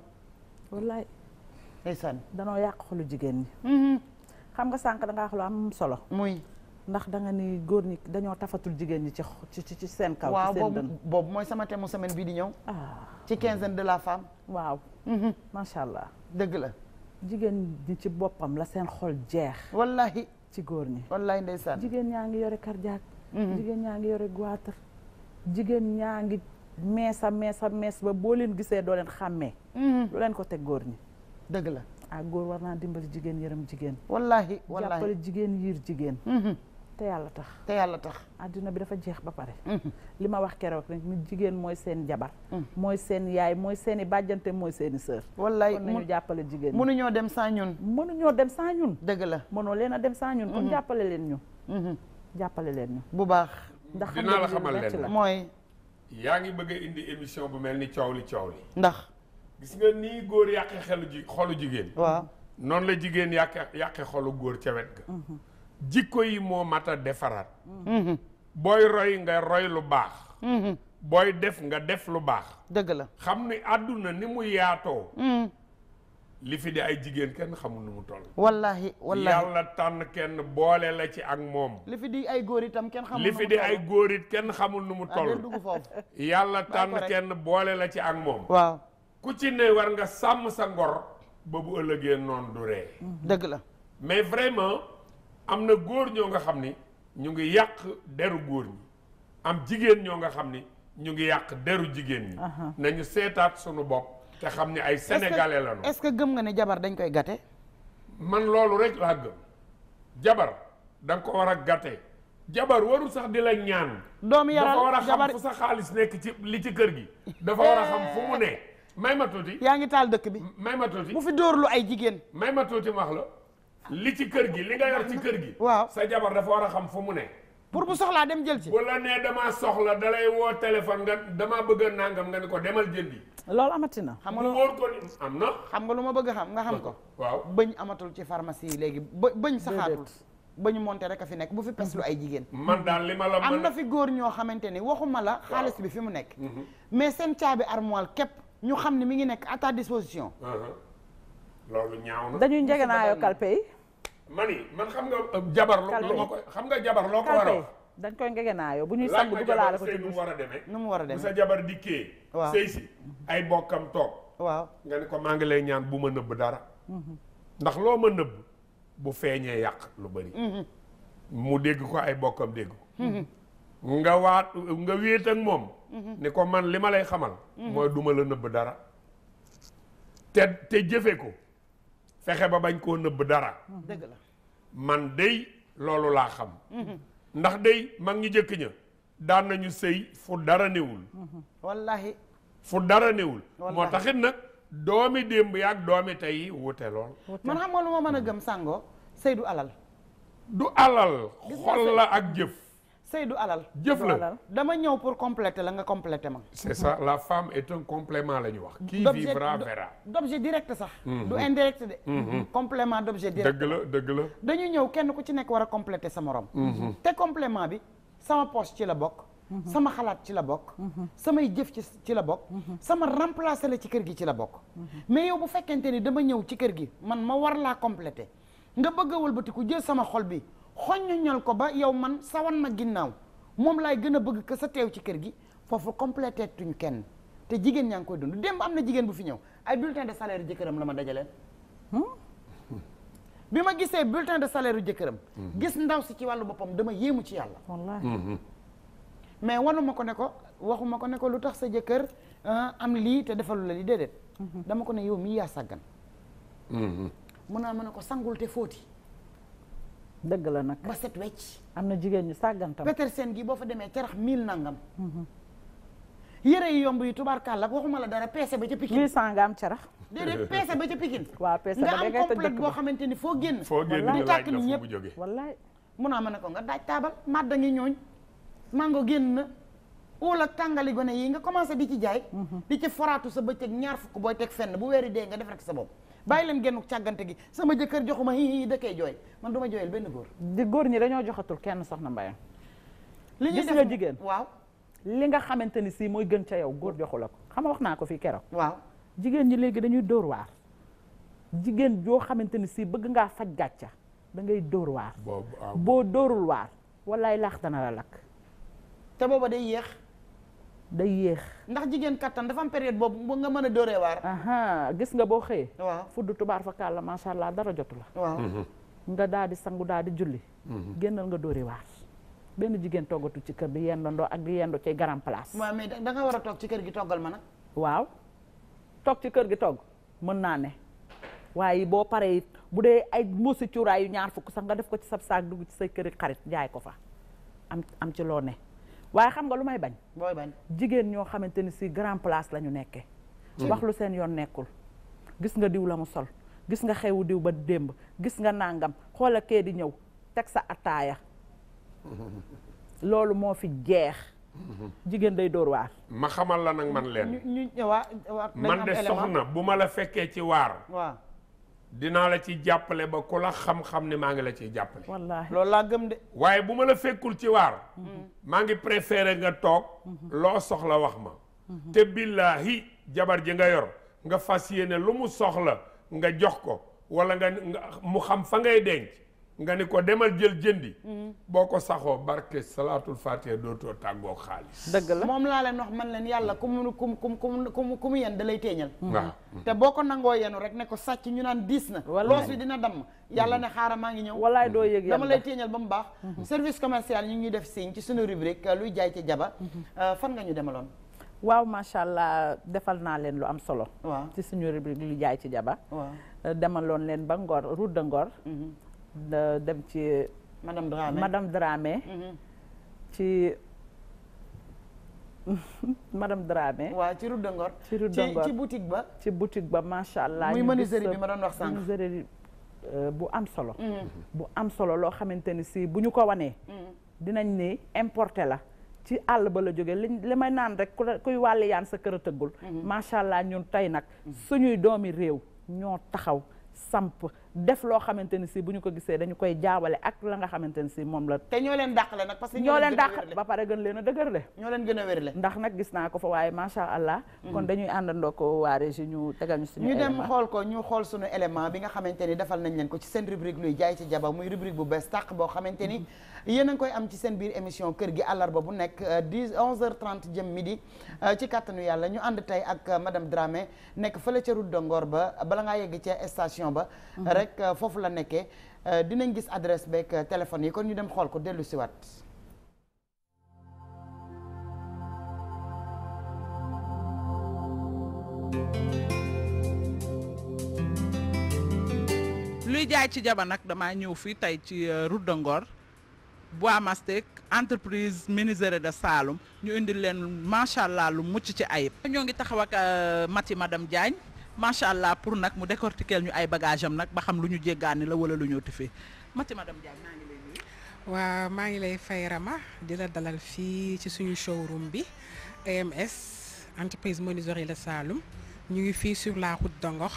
wallaay. ndeysaan danoo yàq xolu jigéen ñi. Mm-hmm. xam nga sànq da ngaa am solo. muy ndax da nga ni góor ñi dañoo tafatul jigéen ñi ci ci ci seen kaw. ci seen dën waaw boobu mooy sama thème mu semaine bii di ñëw. Ah. ci quinzaine de la femme. waaw. Mm-hmm. macha allah. dëgg la. jigéen ñi ci boppam la seen xol jeex. wallahi ci góor ñi. wallahi ndeysaan jigéen ñaa ngi yore cardiaque. Mm-hmm. jigéen ñaa ngi yore goitre jigéen ñaa ngi meesa meesa mees ba boo leen gisee doo leen xàmmee mm-hmm. lu leen ko teg góor ñi dëgg la ak ah, góor war naa dimbali jigéen yërëm jigéen wallahi wallahi jàppale jigéen yiir jigéen mm-hmm. te yàlla tax te yàlla tax adduna bi dafa jeex ba pare li ma wax keroog rek jigéen mooy seen jabar mooy seen yaay mooy seen i bàjjante mooy seeni i sœur wallaay kon nañu jàppale jigéen ñoo dem sans ñun ñoo dem saa ñun dëgg la mënoo leen a dem saa ñun kon jàppale leen ñu jàppale leen ñu bu baax ndax dinaa la xamal leen mooy yaa ngi bëgg indi émission bu mel ni coow li coow li ndax gis nga nii góor yàqe xelu ji xolu jigéen waaw noonu la jigéen yàqe yàqe xolu góor ca wet ga mm-hmm. jikko yi moo mat a defaraat mm-hmm. Mm-hmm. booy roy nga roy lu baax booy def nga def lu baax dëgg la xam ni àdduna ni mu yaatoo li fi di ay jigéen kenn xamul nu mu toll. wallahi wallahi yàlla tànn kenn boole la ci ak moom. li fi di ay góor itam kenn xamul nu mu toll di ay góor it kenn xamul nu mu ah, toll. dugg foofu. yàlla tànn kenn boole la ci ak moom. waaw ku ci ne war nga sàmm sa ngor. ba bu ëllëgee noonu du ree. dëgg la mais vraiment am na góor ñoo nga xam ni ñu ngi yàq deru góor ñi am jigéen ñoo nga xam ni ñu ngi yàq deru jigéen ñi. nañu seetaat sunu bopp. ca xam ne ay sénégalais lañu. est-ce que gëm nga ne jabar dañ koy gàtte. man loolu rek laa gëm. jabar da nga ko war a gàtte. jabar warul sax di la ñaan. doom yaral dafa war a xam fu sa xaalis nekk ci li ci kër gi. dafa war a xam fu mu ne. may ma tuuti. yaa ngi taal dëkk bi. may ma tuuti bu fi dóorlu ay jigéen. may ma tuuti wax la. li ci kër gi li nga yor ci kër gi. waaw sa jabar dafa war a xam fu mu ne. pour bu soxlaa dem jël ci. bu la nee damaa soxla dalay woo téléphone nga damaa bëgg a nangam nga ne ko demal jëndi. loolu amati na. xam nga lu wóor ko xam nga lu ma bëgg a xam nga xam ko. waaw bëñ amatul ci pharmacie yi léegi bë bëñ saxaatul. bañu monte rek a fi nekk bu fi peslu ay jigéen. man daal li ma la am na fi góor ñoo xamante ni waxuma la. xaalis bi fi mu nekk. Mhm. mais seen caabi armoire képp ñu xam ni mi ngi nekk à ta disposition. Uh-huh. loolu ñaaw na dañuy njëgën naa ayoo kalpe mani man xam nga. Euh, jabar loo koy xam nga jabar loo ko war a. dañ koy ngegenaayoo bu ñuy sang dugalaale ko nu mu war a demee. nu mu war a demee sa jabar dikkee. waaw sëy si ay bokkam toog. waaw nga ne ko maa ngi lay ñaan bu ma nëbb dara. Mhm. ndax loo ma nëbb bu feeñee yàq lu bari. Mhm. mu dégg ko ay bokkam dégg ko. Mhm. nga waat nga wéet moom. ni ko man li ma lay xamal. mooy du la nëbb dara. te te jëfe ko fexe ba bañ koo nëbb dara. dëgg la. man day loolu laa xam ndax day mag ñi jëkk ña daan nañu sëy fu dara newul wallahi fu dara néwul moo taxit nag doomi démb ak doomi tey wute lool man xam nga ma mën a gëm sàngoo sëy du alal du alal xol la ak jëf sëy du alal jëf la dama ñëw pour compléter la nga compléter ma c'est ça la femme est un complément la ñu wax qui vivra verra d'objet direct sax mhm. du indirect de mhm. Mhm. complément d'objet direct dëgg la dëgg la dañu ñëw kenn ku ci nekk war a compléter sa morom te complément bi sama poche ci la bokk sama xalaat ci la bokk samay jëf ci ci la bokk sama remplacer la ci kër gi ci la bokk mais yow bu fekkente ni dama ñëw ci kër gi man ma war laa compléter nga bëgg a wëlbatiku jël sama xol bi xoññoñal ko ba yow man sawan ma ginnaaw moom laay gën a bëgg que sa teew ci kër gi foofu complété tuñ kenn te jigéen ñaa ngi koy dund dem am na jigéen bu fi ñëw ay bulletin de salaire jëkkëram la ma dajaleen hmm? bi ma gisee bulletin de salaire jëkkëram hmm. gis ndaw si ci wàllu boppam dama yéemu ci yàlla wallaahi hmm. mais wanuma ko ne ko waxuma ko ne ko lu tax sa jëkkër ah, am lii te defalu la li déedéet dama ko ne yow mii yaa sàggan mun naa mën a ko sangul te fóoti dëgg la nag ba set wecc. am na jigéen ñu sàggantam. Petersen gi boo fa demee carax mille nangam. yére yi yomb yi tubaarkàlla waxuma la dara peese ba ca Pikine. 800 nga am carax. déedéet peese ba ca Pikine. waaw peese ba nga am complète boo xamante ni foo génn. foo génn ñu laaj la mu jógee wallaay mun a mën ko nga daaj taabal madda ngi ñooñ. mango génn na óol ak tàngali gone yi nga commencé di ci jaay. Mhm. di ci foraatu sa bëccëg ñaar fukk booy teg fenn bu weeri dee nga def rek sa bopp. bàyyi leen gennu càggante gi sama jëkkër joxuma hi hi dëkkee jooy man du ma jooyal benn góor góor ñi dañoo joxatul kenn soxna Mbayang li ñuy def jigéen waaw li nga xamante ni sii mooy gën ca yow góor joxu la ko xam nga wax naa ko fii keroog waaw jigéen ñi léegi dañuy dóor waar jigéen joo xamante ni si bëgg ngaa faj gàcca da ngay dóor waar ah, boo dóorul waar wallaay laax dana la lakk te booba day yéex day yéex. ndax jigéen kattan dafa am période boobu nga mën a dóoree waar. gis nga boo xëyee. waaw fudd tubaar fa kàlla macha allah dara jotu la. waaw mhm. nga daal di sangu daal di julli. Mhm. génnal nga dóoree waar. benn jigéen toggatu ci kër di yendandoo ak di yendu ci grand place. waaw mais da nga war a toog ci kër gi toggal ma nag. waaw toog ci kër gi togg mën naa ne. waaye boo paree bu dee ay muusi cuuraayu ñaar fukk sax nga def ko ci sab saak dugg ci say kër xarit jaay ko fa am am ci loo ne. waaye xam nga lu may bañ. jigéen ñoo xamante ni si grand place la ñu nekkee. wax lu seen yoon nekkul. gis nga diw la mu sol gis nga xewu diw ba démb gis nga nangam xoola kee di ñëw teg sa attaaya. loolu moo fi jeex. jigéen day dóor waa ma xamal la nag man leen. ñu ñu man de soxna bu ma la fekkee ci waar. waaw. dinaa la ci jàppale ba ku la xam-xam ne maa ngi la ciy jàppale. wallaahi loolu laa gëm de. waaye bu ma la fekkul ci waar. Mm-hmm. maa ngi préféré nga toog. Mm-hmm. loo soxla wax ma. Mm-hmm. te billaahi jabar ji nga yor nga fas yéene lu mu soxla nga jox ko wala nga mu xam fa ngay denc. nga ni ko demal jël jëndi. Mm-hmm. boo ko saxoo barke salaatul fatiha dootoo tàggoo xaalis. dëgg la moom laa leen wax man leen yàlla ku mu ku mu ku mu ku mu yen da lay teeñal. Mm-hmm. waaw te boo ko nangoo yenu rek ne ko sàcc ñu naan diis na. loos bi dina damm. yàlla ne xaaral maa ngi ñëw. wallaay doo yëg dama lay teeñal ba mu baax. Mm-hmm. service commercial ñu ngi def signe ci suñu rubrique luy jaay ci jaba. Euh, fan nga ñu demaloon. waaw macha allah defal naa leen lu am solo. waaw ci suñu rubrique luy jaay ci jaba. waaw euh, demaloon leen ba Ngor route dem ci. madame Dramé madame Dramé. Mhm. ci madam Dramé. waaw ci route de Ngor. ci route ci boutique ba. ci boutique ba macha allah. muy menuiserie bi ma doon wax sànq menuiserie euh, bu am solo. Mhm. bu am solo loo xamante ni si bu ñu ko wanee. Mhm. dinañ ni importe la. ci àll ba la jóge li li may naan rek kuy wàlli yaan sa kër a tëggul macha allah ñun tey nag suñuy doomi réew ñoo taxaw samp def loo xamante ni si bu ñu ko gisee dañu koy jaawale ak la nga xamante ni si moom la te ñoo leen le nag parce que ñoo leen dàq ba pare gën leen a dëgër le ñoo leen gën a wér le ndax nag gis naa ko fa waaye macha allah mm. kon dañuy àndandoo ko waa régie ñu tegal ñu suñu ñu dem xool ko ñu xool suñu élément bi nga xamante ni defal nañ leen ko ci seen rubrique luy jaay ci jaba muy rubrique bu bees tàq boo xamante ni mm. yéen a ngi koy am ci seen biir émission kër gi àllarba bu nekk 10 euh, 11h30 jëm euh, ci kàttanu yàlla ñu ànd tey ak euh, madame Dramé nekk fële ca route Ngor ba bala ngaa yegg ca station ba. Mhm. rek foofu la nekkee dinañ gis adresse beeg téléphone yi kon ñu dem xool ko dellu si waat. luy ci jaba nag damaa ñëw fii tey ci route de Boamastec entreprise menuiserie de Saloum ñu indil leen macha allah lu mucc ci ay ñoo ngi taxaw ak euh, Mati madame Diagne macha allah pour nag mu décortiquer ñu ay bagage am nag ba xam lu ñu jéggaani la wala lu ñu tëfee Mati madame Diagne maa ngi lay nuyu. waaw maa ngi lay fay ma di la dalal fii ci suñu showroom bi EMS entreprise menuiserie de saalum ñu ngi fii sur la route de Ngor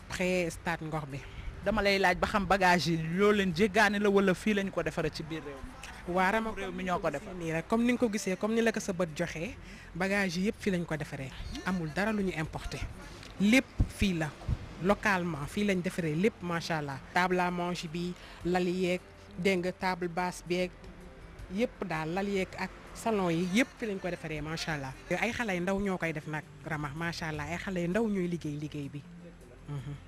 après stade Ngor bi. dama lay laaj ba xam bagage yi loo leen jéggaane la wala fii lañ ko defaree ci biir réew mi. waa rama réew mi ñoo ko defar nii rek comme ni nga ko gisee comme ni la ko sa bët joxee bagage yi yëpp fii lañ ko defaree amul dara lu ñu importé lépp fii la localement fii lañ defaree lépp macha allah. table à manger bi lal yeeg dégg nga table basse beeg yëpp daal lal yeeg ak. salon yi yëpp fi lañ ko defaree macha allah. ay xale yu ndaw ñoo koy def nag rama macha allah ay xale yu ndaw ñooy liggéey liggéey bi. Mhm.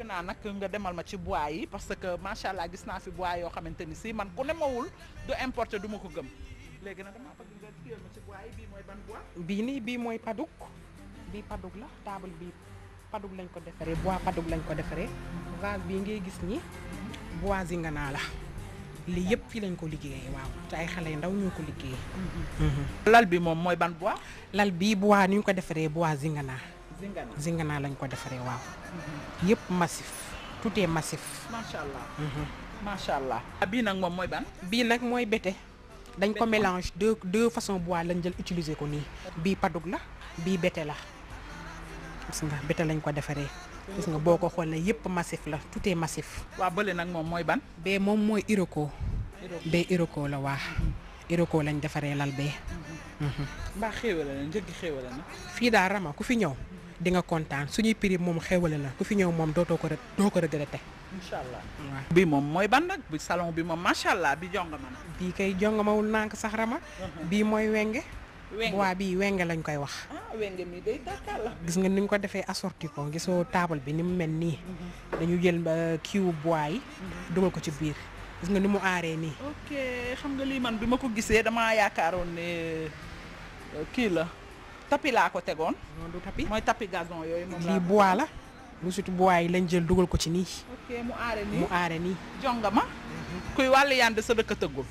bëgg naa nag nga demal ma ci bois yi parce que macha allah gis naa fi bois yoo xamante ni si man ku ne mawul du importer du ma ko gëm léegi nag damaa bëgg nga téyel ma bii nii bii mooy paduk bii paduk la table bii paduk lañ ko defaree bois paduk lañ ko defaree vase bii ngay gis nii bois yi nga naa la. lii yëpp fii lañ ko liggéeye waaw te ay xale yu ndaw ñoo ko liggéeyee. lal bi moom mooy ban bois. lal bii bois ni ñu ko defaree bois naa Zingana lañ ko defaree waaw. yëpp massif tout est massif. macha allah. Mhm. macha allah. Ah, bii nag moom mooy ban. bii nag mooy bété. dañ ko mélange deux deux bu bois lañ jël utiliser ko nii. bii padug la bii bété la. gis nga bété lañ ko defaree. gis nga boo ko xoolee yëpp massif la tout est massif. waa bële nag moom mooy ban. bee moom mooy iroko. bee iroko la waa. iroko lañ defaree lal bee. Mhm. Mhm. mbaa xéewale na fii daa rama ku fi ñëw. di nga kontaan suñuy prix moom xewale na ku fi ñëw moom dootoo ko rek doo ko regretté. incha allah waaw bii moom mooy ban nag bi salon bi moom macha allah bi jongama bii kay jongamawul nànk sax rama. Uh-huh. bii mooy wenge. wenge waa bii wenge lañ koy wax. ah gis nga ni ñu ko defee assorti ko gisoo taabal bi ni mu mel nii. Uh-huh. dañu jël euh, kiiwu bois yi. Uh-huh. dugal ko ci biir. gis nga ni mu aaree nii. ok xam nga lii man bi ma ko gisee damaa yaakaaroon ne euh, kii la. tappi laa ko tegoon. du tapi mooy tapi gazon yooyu. moom lii bois la. lu surtout bois yi lañ jël dugal ko ci nii. ok mu aare nii jongama. Mhm. kuy wàll yànd sa dëkk tëggul.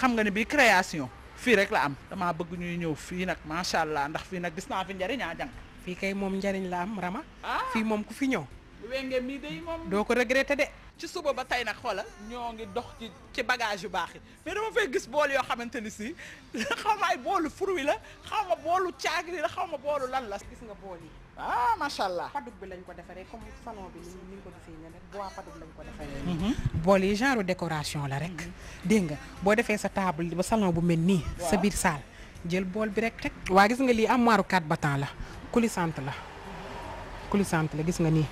xam nga ne bii création. fii rek la am damaa bëgg ñuy ñëw fii nag macha allah ndax fii nag gis naa fi njariñaa ah, jàng. fii kay moom njariñ la am rama. Ah. fii moom ku fi ñëw. wenge mii day moom doo ko regretté de ci suba ba tey nag xoola ñoo ngi dox ci ci bagage yu baax yi mais dama fay gis bool yoo xamante ni si xaw ma ay boolu fruit la xaw ma boolu caagri la xaw ma boolu lan la gis nga bool yi ah macha allah lañ ko defaree comme salon bi ko gisee ne rek mhm. bool yi genre décoration la rek mhm. dégg nga boo defee sa table ba salon bu mel nii sa biir salle jël bool bi rek teg waa gis nga lii armoire quatre battants la coulissante la mhm. coulissante la gis nga nii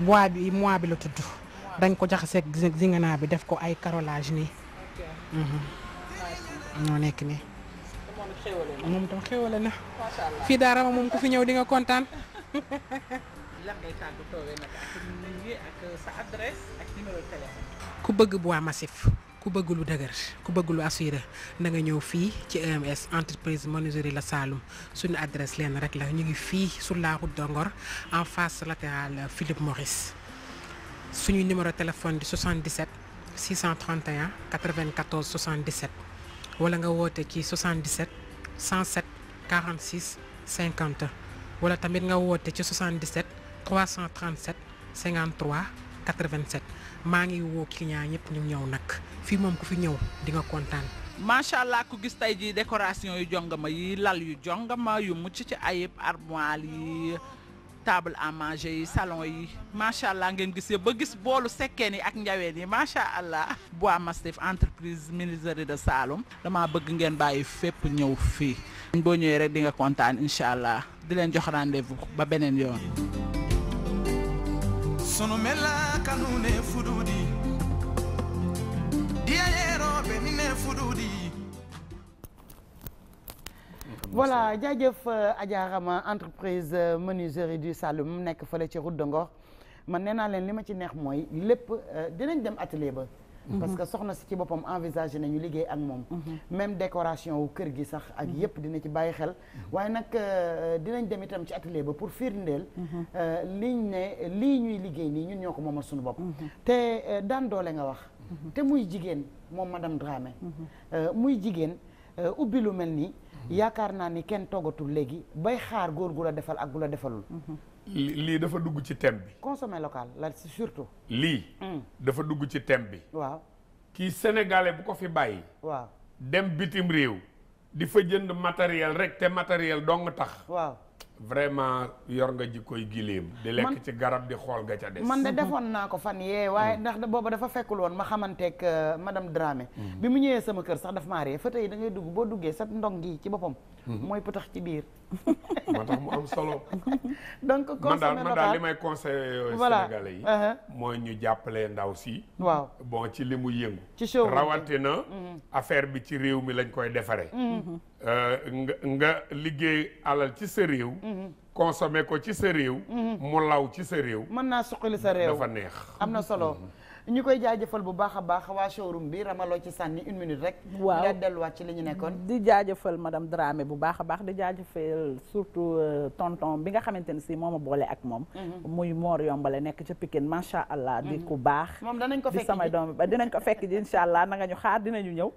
bois bi mois bi la tudd. dañ ko jaxaseeg zingana bi def ko ay carrelage nii. Mhm. ñoo nekk nii. moom tam xéwale na. fii daara moom ku fi ñëw di nga kontaan. ku bëgg bois massif. ku bëgg lu dëgër ku bëgg lu assuré na nga ñëw fii ci EMS entreprise menuiserie la Saloum suñu adresse leen rek la ñu ngi fii sur la dongor de Ngor en face latérale Philippe Maurice suñu numéro téléphone di 77 631 94 77 wala nga woote ci 77 107 46 50 wala tamit nga woote ci 77 337 53. 87 maa ngi woo client ñëpp ñu ñëw nag fii moom ku fi ñëw di nga kontaan. macha allah ku gis tey jii décoration yu jongama yi lal yu jongama yu mucc ci ayib armoire yi table à manger yi salon yi macha allah ngeen gis ba gis boolu sekkeen yi ak njaween yi macha allah. Bois Massif entreprise menuiserie de saalum dama bëgg ngeen bàyyi fépp ñëw fii. boo ñëwee rek di nga kontaan incha allah di leen jox rendez-vous ba beneen yoon. sono mella kanu ne fuɗuɗi diyayeroɓe ni ne fuɗuɗi voilà jaajëf euh, Adja Rama entreprise euh, menuiserie du Saloum nekk fële ci route de Ngor man nee naa leen li ma ci neex mooy lépp euh, dinañ dem atelier ba parce mhm. que soxna si ci boppam envisagé nañu liggéey ak moom mhm. même décoration wu kër gi sax ak mhm. yépp dina ci bàyyi xel waaye nag euh, dinañ dem itam ci atelier ba pour firndeel euh, liñ ne lii ñuy liggéey nii ñun ñoo ko moomal suñu bopp te euh, daan doole nga wax te muy jigéen moom madame Dramé muy jigéen ubbi lu mel nii yaakaar naa ni kenn toggatul léegi bay xaar góor gu la defal ak gu la defalul lii dafa dugg ci thème bi. consommer local la surtout. lii. Hmm. dafa dugg ci thème bi. waaw kii sénégalais bu ko fi bàyyi. waaw dem bitim réew. di fa jënd matériel rek te matériel dong tax. waaw vraiment yor nga jikkoy gileem. di lekk ci garab di xool nga ca des. man de mm-hmm. defoon naa ko fan yee waaye mm. ndax booba dafa fekkul woon ma xamanteeg euh, madame Dramé. Mm. bi mu ñëwee sama kër sax daf maa ree fa tey da ngay dugg boo duggee sa ndong gi ci boppam. Mm-hmm. mooy putax ci biir. moo tax mu am solo. donc consommé local man li may conseillé. voilà yi. Uh-huh. mooy ñu jàppale ndaw si. waaw bon ci li mu yëngu. ci show rawatina. Mm-hmm. affaire bi ci réew mi lañ koy defaree. Mm-hmm. Euh, nga nga liggéey alal ci sa réew. consommé ko ci sa réew. mu law ci sa réew. mën naa suqali sa réew dafa neex. am na solo. ñu koy jaajëfal bu baax a baax waa showroom bi ramaloo ci sànni une minute rek. waaw ci li nekkoon. di jaajëfal madame Dramé bu baax baax di jaajëfal surtout euh, tonton bi nga xamante ne si moom a boole ak moom. Mhm. muy moor Yombale nekk ca Pikine macha allah. di mhm. ku baax. moom danañ ko fekk di samay doom ba dinañ ko fekk ji incha allah na nga ñu xaar dinañu ñëw.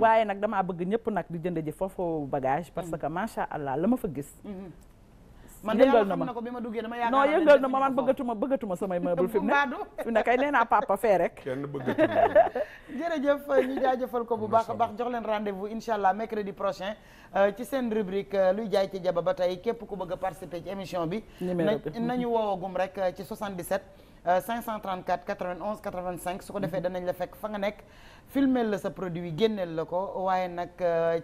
waaye nag damaa bëgg ñëpp nag di jënd ji foofu bagage. parce mhm. que macha allah la ma fa gis. man yëngal na ma ko bi ma duggee dama yaakaar non yëngal na ma man bëggatuma bëggatuma samay meuble fi mu ne fi ne kay nee naa papa fee rek kenn bëggatuma jërëjëf ñu jaajëfal ko bu baax a baax jox leen rendez-vous incha allah mercredi prochain euh, ci seen rubrique euh, luy jaay ci jaba ba tey képp ku bëgg a participer ci émission bi nañu woowagum rek euh, ci 77 534 91 85 su ko defee danañ la fekk fa nga nekk filmeel la sa produit génneel la ko waaye nag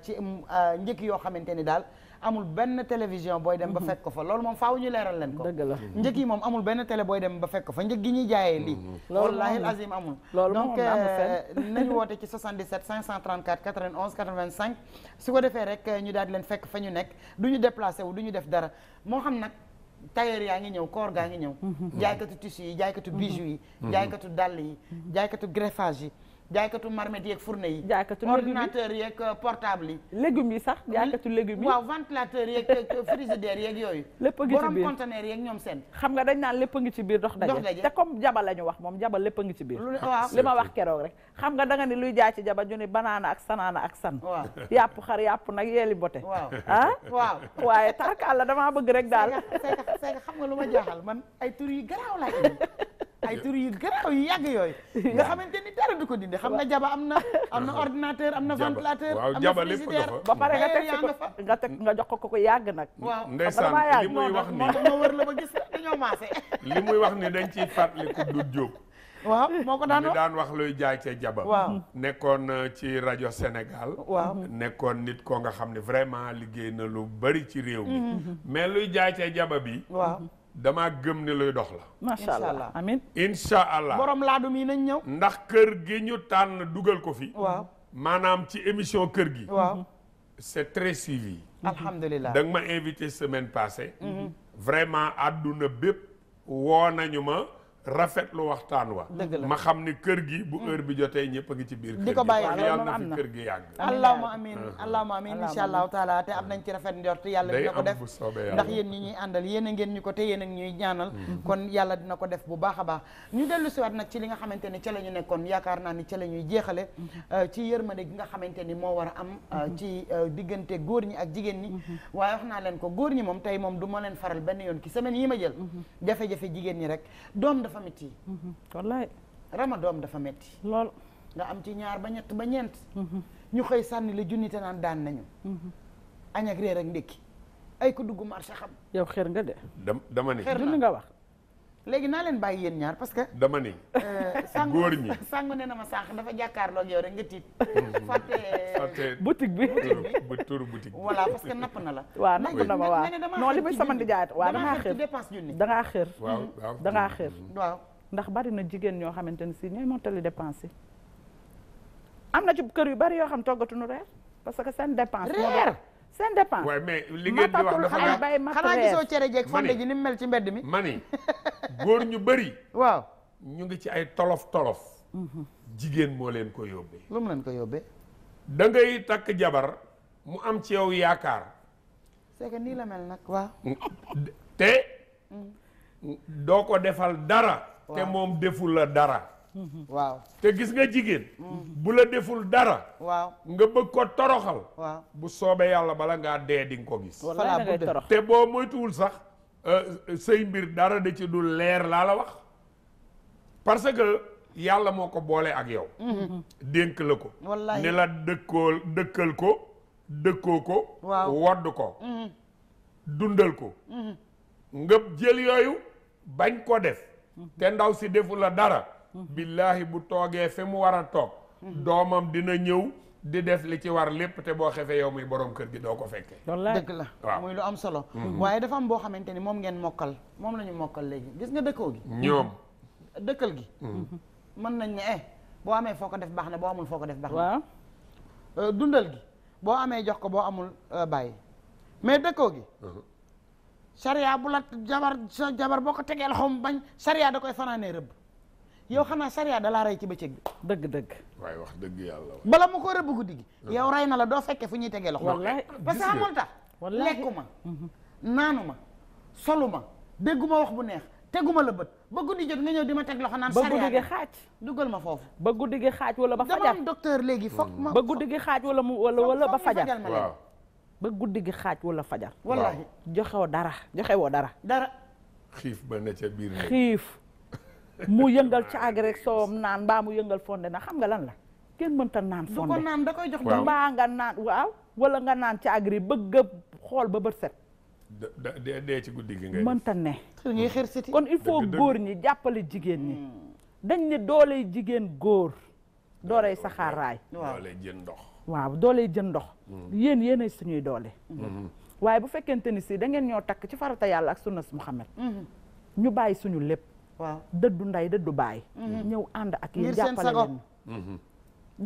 ci njëkk yoo xamante ni daal amul benn télévision booy dem ba mhm. fekk ko fa loolu moom faaw ñu leeral leen ko dëgg la mhm. njëg yi moom amul benn télé booy dem ba fekk ko fa njëg gi ñuy jaayee lii mhm. wallaahi azim amul donc euh, nañu woote ci 77 534 91 85 su ko defee rek euh, ñu daal di leen fekk fa ñu nekk du ñu déplacé wu du ñu def dara moo xam nag tailleur yaa ngi ñëw koor gaa ngi ñëw jaaykatu tissu yi jaay bijou yi jaaykatu dàll yi jaaykatu greffage yi jaaykatu marmite yeeg fourne yi. jaaykatu ordinateur yeeg euh, portable yi. légumes yi sax jaaykatu légumes yi. waaw ventilateur yeeg euh, frigidaire yeeg yooyu. lépp a ngi ci biir borom ñoom seen. xam nga dañ naan lépp a ngi ci biir dox daje. te comme jaba la ñu wax moom jaba lépp a ngi ci biir. waaw li ma wax keroog rek. xam nga danga ni luy jaay ci jaba ñu ni banaana ak sanaana ak san. waaw yàpp xar yàpp nag yeeli bote. waaw ah waaw. waaye tarkaal la damaa bëgg rek daal. c'est que xam nga lu ma jaaxal man ay tur yu garaaw laay ay tur yu garaaw yu yàgg yooyu nga xamante ni dara du ko dindi de xam nga jaba am na am na ordinateur am na ventilateur am na frigidaire ba pare nga teg ko nga jox ko ko yàgg nag waaw ndeysaan li muy wax ni ma wër la li muy wax ni dañ ciy fàttali ku du jóg waaw moo ko daan wax daan wax luy jaay ca jaba waaw nekkoon euh, ci rajo Sénégal waaw nekkoon nit ko nga xam ne vraiment liggéey na lu bari ci réew mi mm-hmm. mais luy jaay ca jaba bi waaw damaa gëm ne luy dox la. macha allah amin incha allah borom laadum yi nañ ñëw. ndax kër gi ñu tànn dugal ko fi. waaw maanaam ci émission kër gi. waaw c'est très suivi. Mhm. alhamdulilah da nga ma invité semaine passée. Mhm. vraiment àdduna bépp woo nañu ma. rafetlu waxtaan wa dëgg la ma xam ni kër gi bu heure bi jotee ñëpp a ngi ci biir kër gi di ko bàyyi xel yàlla na fi kër gi yàgg allahuma amin allahuma amin insha allahu taala te am nañ ci rafet njort yàlla dina ko def ndax yéen ñi ñuy àndal yéen a ngeen ñu ko te yéen ñuy ñaanal mm. kon yàlla dina ko def bu baax a baax ñu dellu siwaat nag ci li nga xamante ni ca la ñu nekkoon yaakaar naa ni ca la ñuy jeexale mm-hmm. euh, ci yërmande gi nga xamante ni moo war a am euh, mm-hmm. ci euh, diggante góor ñi ak jigéen ñi mm-hmm. waaye wax naa leen ko góor ñi moom tey moom du ma leen faral benn yoon ki semaine yi ma jël jafe jigéen ñi rek dafa metti mhm. wallaay rama doom dafa metti lool nga am ci ñaar ba ñett ba ñeent mhm. ñu xëy sànni la junni te naan daan nañu mhm. añ ak réer ak ndékki ay ko dugg marché xam yow xer nga de dama ne xer nga wax léegi naa leen bàyyi yéen ñaar parce que. dama ni. Euh, góor ñi sàngu nee na ma sànq dafa jàkkaarloo ak yow rek nga tiit. Euh, fàtte boutique bi bu turu boutique bi. voilà parce que napp na la. waa napp na ma waaw non li muy sama ndijaay waaw dangaa xër dangaa xër. waaw dangaa xër. waaw ndax bari na jigéen ñoo xamante ne si ñooy mottali dépense yi. am na ci kër yu bari yoo xam toggatuñu reer parce que seen dépense. reer seen dépense waaye li ngeen di wax dafa ay bay mat xanaa gisoo cere jeeg fonde ji ni mu mel ci mbedd mi mani góor ñu bari waaw ñu ngi ci ay tolof tolof mhm. jigéen moo leen ko yóbbee lu mu leen ko yóbbee da takk jabar mu am ci yow yaakaar c'est que nii la mel nag waaw te mm. doo ko defal dara te moom defu la dara waaw te gis nga jigéen bu la deful dara waaw nga bëgg ko toroxal bu soobee yàlla bala ngaa dee di nga ko gis te boo moytuwul sax euh, sëy mbir dara da ci du leer laa la wax parce que yàlla moo ko boole ak yow mm-hmm. dénk la ko ne la dëkkool dëkkal ko dëkkoo ko wodd ko mm-hmm. dundal ko mm-hmm. nga jël yooyu bañ ko def te ndaw si defu la dara billaahi bu toogee fi mu war a toog doomam dina ñëw di def li ci war lépp te boo xefee yow muy borom kër gi doo ko fekkee dëgg la waaw muy lu am solo mm-hmm. waaye dafa am boo xamante ni moom ngeen mokkal moom la ñu mokkal léegi gis nga dëkkoo gi ñoom mm-hmm. dëkkal gi mm-hmm. mën nañ ne eh boo amee foo ko def baax na boo amul foo ko def baax na euh, dundal gi boo amee jox ko boo amul euh, bàyyi mais dëkkoo gi sariya bu la jabar sa jabar boo ko tegee loxoom bañ sariya da koy fanaanee rëbb yow xanaa sariya da laa rey ci bëccëg bi dëgg dëgg dëgg yàlla bala mu ko rëbb guddi gi yow rey na la doo fekkee fu ñuy tegee loxo wallaahi ah, parce que xamul tax lekkuma mhm. naanuma soluma dégguma wax bu neex teguma la bët ba guddi jot nga di ma teg loxo naan ba guddi gi xaaj dugal ma foofu ba guddi gi xaaj wala ba fajar am docteur léegi foog ba guddi gi xaaj wala mu wala wala ba fajar waaw ba guddi gi xaaj wala fajar wallaahi joxewoo dara joxewoo dara dara xiif ba ne ca biir xiif mu yëngal caag rek soom naan mbaa mu yëngal fonde na xam nga lan la kenn mënta naan fonde du naan da koy jox mbaa nga naan waaw wala nga naan caag rek bëgg xool ba bët set de dee ci guddi gi ngay mënta ne kon il faut góor ñi jàppale jigéen ñi hmm. dañ ne dooley jigéen góor dooley saxaaraay dooley jën ndox waaw dooley jën ndox hmm. yéen yéenay suñuy doole hmm. waaye bu fekkente ni si da ngeen ñoo takk ci farata yàlla ak sunna Muhammad ñu bàyyi suñu lépp waaw dëddu nday dëddu baay. Mhm. ñëw ànd ak yéen jàppale leen mhm.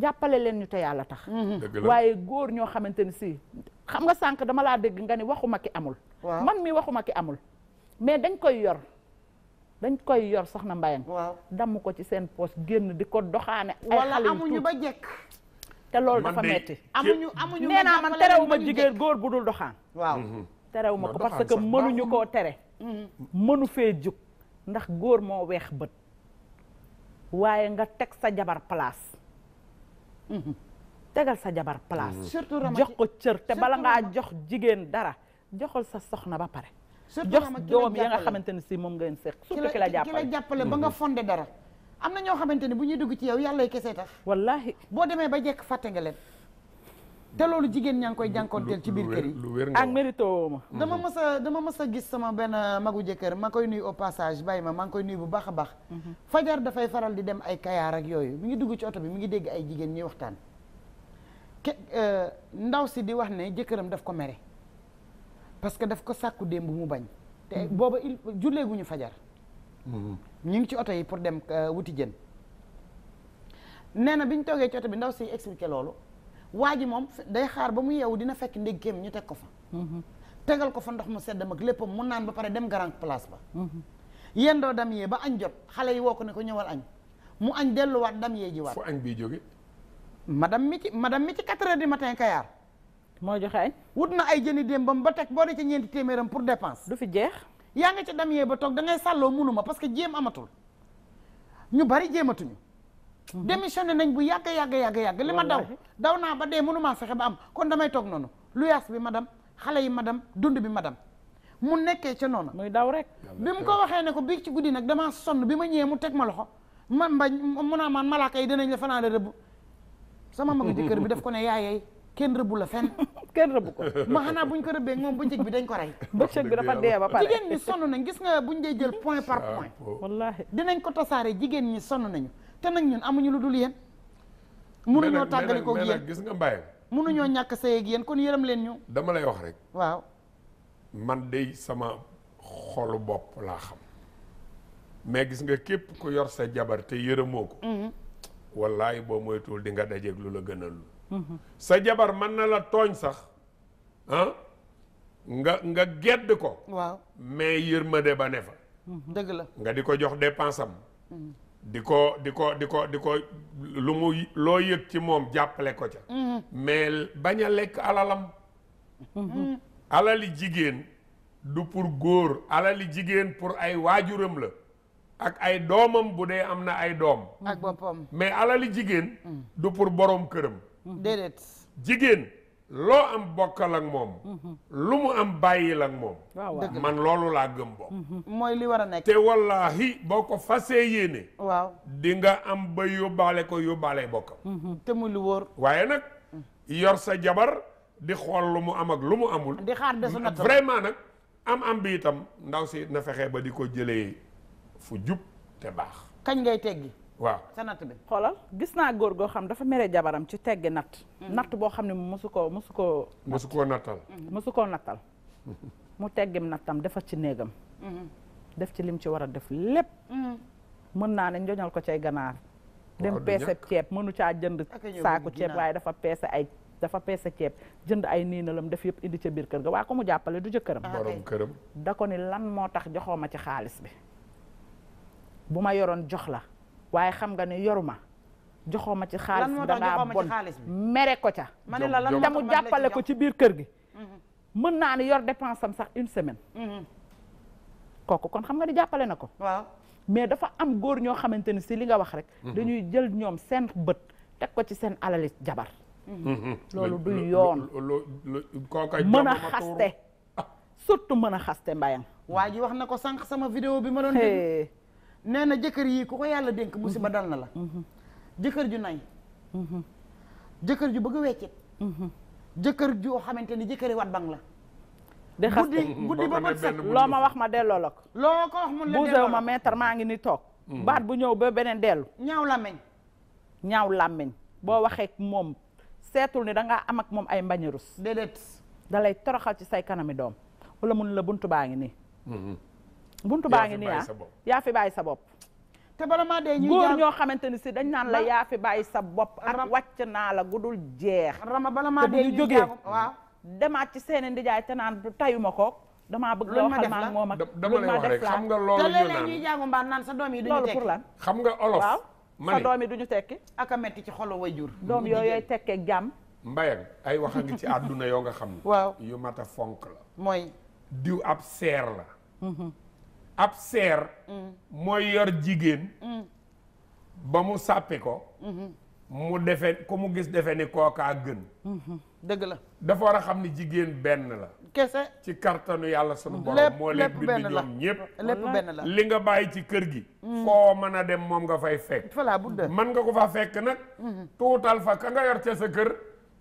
jàppale leen ñu te yàlla tax. Mhm. waaye góor ñoo xamante ni si xam nga sànq dama laa dégg nga ni waxuma ki amul. man mi waxuma ki amul. mais dañ koy yor dañ koy yor soxna Mbayang. waaw damm ko ci seen poche génn di ko doxaane. ay xale amuñu ba jekk. te loolu dafa metti amuñu amuñu nee naa man terewuma jigéen góor bu dul doxaan. waaw terewuma ko parce que mënuñu koo tere. mënu fee jug. ndax góor moo weex bët waaye nga teg sa jabar palaas mhm. tegal sa jabar place mhm. surtout jox ko cër te bala ngaa jox jigéen dara joxal sa soxna ba pare jox doom ya nga xamante ne si moom ngeen seq surtout ki la jàppale ki la jàppale ba nga mhm. fonde dara am na ñoo xamante ne bu ñuy dugg ci yow yàlla kese tax wallaahi boo demee ba jekk fàtte nga leen te loolu jigéen ñaa ngi koy jànkoonteel ci biir kër yi ak mérito ma dama mas a dama mas a gis sama benn magu jëkkër ma koy nuy au passage bàyyi ma maa ngi koy nuyu bu baax a baax mhm. fajar dafay faral di dem ay kayaar ak yooyu mi ngi dugg ci oto bi mu ngi dégg ay jigéen ñuy waxtaan ke euh, ndaw si di wax ne jëkkëram daf ko mere parce que daf ko sàkku démb mu bañ te mhm. booba il julleeguñu fajar mhm. ñu ngi ci oto yi pour dem euh, wuti jën nee na bi ñu toogee ci oto bi ndaw si expliqué loolu waa ji moom day xaar ba mu yeewu dina fekk ndékkeem ñu teg ko fa mhm. tegal ko fa ndox mu sedd mag léppam mu naan ba pare dem grand place ba mhm. yendoo dam ba añ jot xale yi woo ko ne ko ñëwal añ mu añ delluwaat dam yee ji waat fu añ bi jóge madame mi ci madame mi ci quatre heures matin kayaar moo joxe añ wut na ay jëni démbam ba teg boo de ca ñeenti téeméeram pour dépense du fi jeex yaa nga ca dam ba toog da ngay sàlloo munuma parce que jéem amatul ñu bari jéematuñu Mhm. démissionné nañ bu yàgg yàgg yàgg yàgg li ma daw daw naa ba dee mënumaa fexe ba am kon damay toog noonu luyaas bi dam xale yi ma dam dund bi ma dam mu nekkee ca noonu muy daw rek bi mu ko waxee ne ko bi ci guddi nag damaa sonn bi ma ñëwee mu teg ma loxo man mbañ mun naa maan malaaka yi dinañ la fanaan rëbb sama mag jëkkër bi daf ko ne yaayey kenn rëbbu la fenn kenn rëbbu ko ma xanaa buñ ko rëbbee moom bëccëg bi dañ ko rey bëccëg bi dafa dee ba pare jigéen ñi sonn nañ gis nga buñ dee jël point par point wallaahi dinañ ko tasaare jigéen ñi sonn nañu te nag ñun amuñu lu dul yéen mënuñoo tàggali ko yéen gis nga Mbaye mënuñoo ñàkk sayeeg yéen kon yërëm leen ñu dama lay wax rek waaw man day sama xolu bopp laa xam mais gis nga képp ku yor sa jabar te yërëmoo ko mm-hmm. wallaay boo moytuwul di nga dajeeg lu la gënal lu mm-hmm. sa jabar man na la tooñ sax ah, nga nga gedd ko waaw mais yërmande ba ne fa mm-hmm. dëgg la nga di ko jox dépense di ko di ko di ko di ko lu mu loo yëg ci moom jàppale ko ca mm-hmm. mais bañ a lekk alalam mm-hmm. alali jigéen du pour góor alali jigéen pour ay waajuram la ak ay doomam bu dee am na ay doom ak boppam mais alali jigéen mm. du pour boroom këram déedéet jigéen loo am bokkal ak moom. Mhm. lu mu am bàyyil ak moom. man loolu laa gëm bokk. Mhm. mooy li war a nekk. te wallaahi boo ko fasee yéene. waaw di nga am ba yóbbaale ko yóbbaale bokkam. Mhm. te muy lu wóor. waaye nag yor sa jabar di xool lu mu am ak lu mu amul. di xaar desu na vraiment nag am am bi itam ndaw si na fexe ba di ko jëlee fu jub te baax. kañ ngay teggi. waaw sa natt bi xoolal gis naa góor goo xam dafa mere jabaram ci teggi natt mm-hmm. natt boo xam ne mosu koo mosu koo mosu koo nattal mm-hmm. mosu koo nattal mu teggim nattam defar ci néegam mm-hmm. def ci lim ci war a def lépp mën naa ne njoñal ko cay ganaar dem peese ceeb mënu caa jënd saaku ceeb waaye dafa peese ay dafa peese ceeb jënd ay niinalam def yëpp indi ca biir kër ga waa ko mu jàppale du jëkkëram ah, borom këram da ko ni lan moo tax joxoo ma ci xaalis bi bu ma yoroon jox la waaye xam nga ne yoruma joxoo ma ci xaalis dangaa bon mere ko ca te mu jàppale ko ci biir kër gi mhm. mën naa ne yor dépense sax une semaine mhm. kooku kon xam nga ne jàppale na ko waaw mais dafa am góor ñoo xamante ni si li nga wax rek mhm. dañuy jël ñoom seen bët teg ko ci seen alali jabar loolu du yoon mën a xaste surtout mën a xaste mbayang waa ji wax na ko sànq sama vidéo bi ma doon nee na jëkkër yii ku ko yàlla dénk musiba dal na la mhm. jëkkër ju nay mhm. jëkkër ju bëgg weccit mhm. jëkkër joo xamante ni jëkkëri wat bang la de xas guddi ba bët set loo ma wax ma delloo la ko loo ko wax mun la delloo ma maître maa ngi ni toog baat bu ñëw ba beneen dellu ñaaw làmmeñ ñaaw làmmeñ boo waxee moom seetul ni danga am ak moom ay mbañarus dalay da toroxal ci say kanami doom wala mun la buntu baa ngi nii bunt baa ngi nii ah yaa fi bàyyi sa bopp. te bala maa dee ñuy ñoo xamante ni si dañ naan la yaa fi bàyyi sa bopp. ak wàcc naa la gudul jeex. rama bala maa dee ñuy jógee waaw. demaat ci seen ndijaay te naan tayuma ko. damaa bëgg loo xam maa moom ak dama lay wax rek xam nga loolu ñu naan ñuy jàngu mbaa naan sa doom yi duñu tekki xam nga olof ma ne sa doom yi duñu tekki ak a metti ci xolu way jur doom yooyooy tekkeek jàmm mbayang ay wax a ngi ci àdduna yoo nga xam ne waaw yu mat a fonk la mooy diw ab seer la mhm. ab seer mm. mooy yor jigéen mm. ba mu sàppi ko mm-hmm. mu defe ku mu gis defe ni kookaa gën mm-hmm. dëgg la dafa war a xam ni jigéen benn la kese ci kartanu yàlla sunu mm-hmm. borom moo leen bind ñoom ñëpp lépp benn la li nga bàyyi ci kër gi mm. foo mën a dem moom nga fay fekk mën nga ko fa fekk nag tuutal fa ka nga yor ca sa kër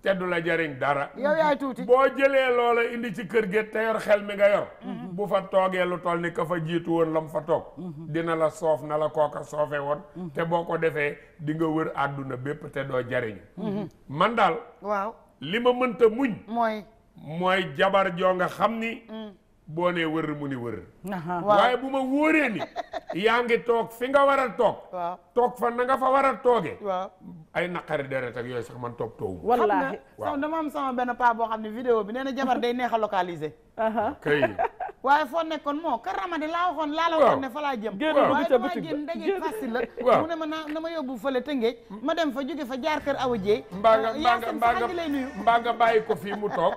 te du la jariñ dara. yow yaay tuuti boo jëlee loola indi ci kër gi te yor xel mi nga yor. Mhm. bu fa toogee lu toll ni kafa fa jiitu woon lam fa toog. Mhm. dina la soof na la kooka soofe woon. Mhm. te boo ko defee dinga nga wër àdduna bépp te doo jariñ. man daal. waaw li ma mënta muñ. mooy. mooy jabar joo nga xam ni. Mm. boo nee wër mu ni wër waaye bu ma wóoree ni yaa ngi toog fi nga war a toog toog fa na nga fa war a toogee ay naqari deret ak yooyu sax man toog toowu wallaahi waaw dama am sama benn paa boo xam ne vidéo bi nee na jabar day neex a localiser kay waaye foo nekkoon moo karamade laa waxoon la fa laa jëm waaye damaa génn daje facile la mu ne ma naa na ma fële Tëngéej ma dem fa jóge fa jaar kër Awa Dieye mbaa nga euh, mbaa nga mbaa nga bàyyi ko fii mu toog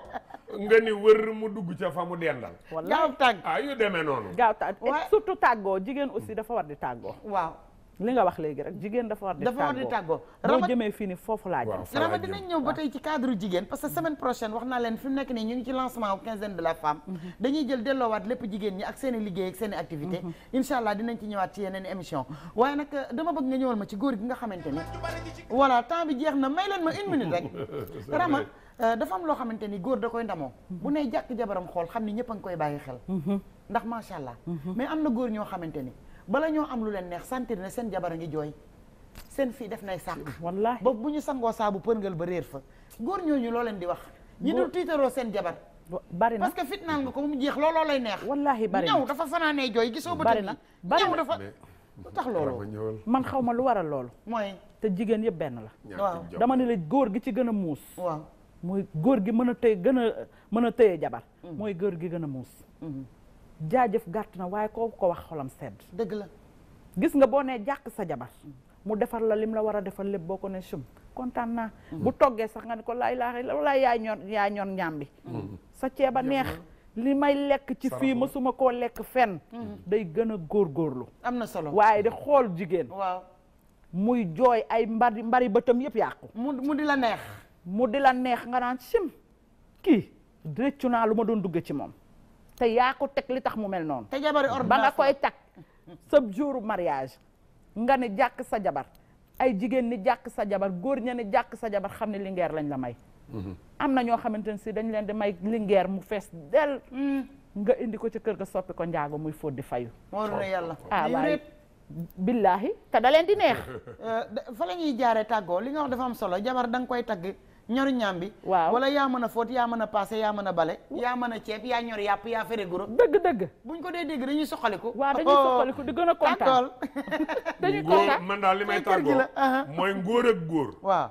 nga ni wër mu dugg ca fa mu dendal. gaaw tàgg ah yu demee noonu. gaaw tàgg surtout tàggoo jigéen aussi dafa war di tàggoo. waaw li nga wax léegi rek jigéen dafa war di. dafa war tàggoo boo jëmee fii nii foofu laa jëm. Rama dinañ ñëw ba tey ci cadre jigéen parce que semaine prochaine wax naa leen fi mu nekk nii ñu ngi ci lancement quinzaine de la femme. Mhm. dañuy jël delloowaat lépp jigéen ñi ak seeni i liggéey ak seen i activité. Mhm. incha allah dinañ ci ñëwaat ci yeneen émission waaye nag euh, dama bëgg nga ñëwal ma ci góor gi nga xamante ni voilà temps bi jeex na may leen ma une minute Euh, dafa am loo xamante ni góor da koy ndamoo bu nee jàkk jabaram xool xam ni ñëpp a ngi koy bàyyi xel mm-hmm. ndax macha allah mm-hmm. mais am na góor ñoo xamante ni bala ñoo am lu leen neex sentir ne seen jabar a ngi jooy seen fii def nay sàq wallaahi boobu bu ñu sangoo saabu përngal ba réer fa góor ñooñu loo leen di wax ñi dul tiitaroo seen jabar bari na parce que fitnaal ko mu jeex looloo lay neex wallaahi bari na dafa fanaanee jooy gisoo ba bari na ñëw dafa lu tax loolu man xaw ma lu waral loolu mooy te jigéen yëpp benn la waaw dama ne la góor gi ci gën a muus waaw mooy góor gi mën a tëye gën a mën a tëye jabar mm-hmm. mooy góor gi gën a muus mm-hmm. jaajëf gàtt na waaye koo ko wax xolam sedd dëgg la gis nga boo nee jàkk sa jabar mm-hmm. mu defar la lim la war a defar lépp boo ko ne sum kontaan naa bu toggee sax nga ne ko laay laaxi walaay yaay ñor yaay bi sa ceeba neex li may lekk ci fii mësuma koo lekk fenn day gën a góorgóorlu am na solo waaye di xool jigéen waaw muy jooy ay mbari mbari bëtam yëpp yàqu mu di la neex mu di la neex nga naan sim kii rëccu naa lu ma doon dugge ci moom te yaa ko teg li tax mu mel noonu. te jabar ordonnance ba nga koy takk sa jour mariage nga ne jàkk sa jabar ay jigéen ni jàkk sa jabar góor ña ne jàkk sa jabar xam ne lingeer lañ la may. Mhm. am na ñoo xamante ne si dañ leen di may lingeer mu fees del mm. nga indi ko ci kër ga soppi ko njaago muy fóot di fayu. moo ah, billaahi te da leen di neex. Eh, fa la ñuy jaaree tàggoo li nga wax dafa am solo jabar da nga koy tagg. ñoru ñaam bi waaw wala yaa mën a fóot yaa mën a paase yaa mën a bale yaa mën a ceeb yaa ñor yàpp yaa fere guro dëgg dëgg buñ ko dee dégg dañuy soxaliku waaw dañuy oh, oh. soxaliku di gën a kontaan dañuy kontaan man daal li may tàggoo uh-huh. mooy ngóor ak góor waaw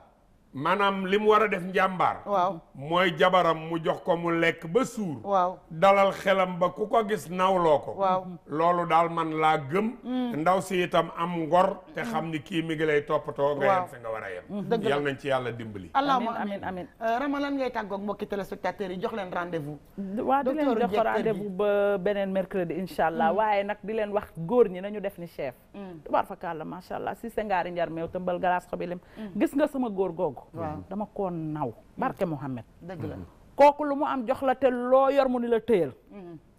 maanaam li mu war a def njàmbaar waaw mooy jabaram mu jox ko mu lekk ba suur waaw dalal xelam ba ku ko gis nawloo ko waaw loolu daal man laa gëm mm. ndaw si itam am ngor te mm. xam ni kii mi ngi lay toppatoo nga yem fi nga war a yem mm, yal nañ ci yàlla dimbali allahumma amin amin euh, rama lan ngay tàggoog mbokki téléspectateurs yi jox leen rendez-vous waaw di leen jox rendez-vous ba beneen mercredi incha allah waaye nag di leen wax góor ñi nañu def ni chef Mm. tubaar fa kàlla macha allah si sengaari njar meew tëmbal galaas xobi lem mm. gis nga sama góor googu mm. dama koo naw barke Mouhamed dëgg la kooku lu mu am jox la te loo yor mu ni la tëyal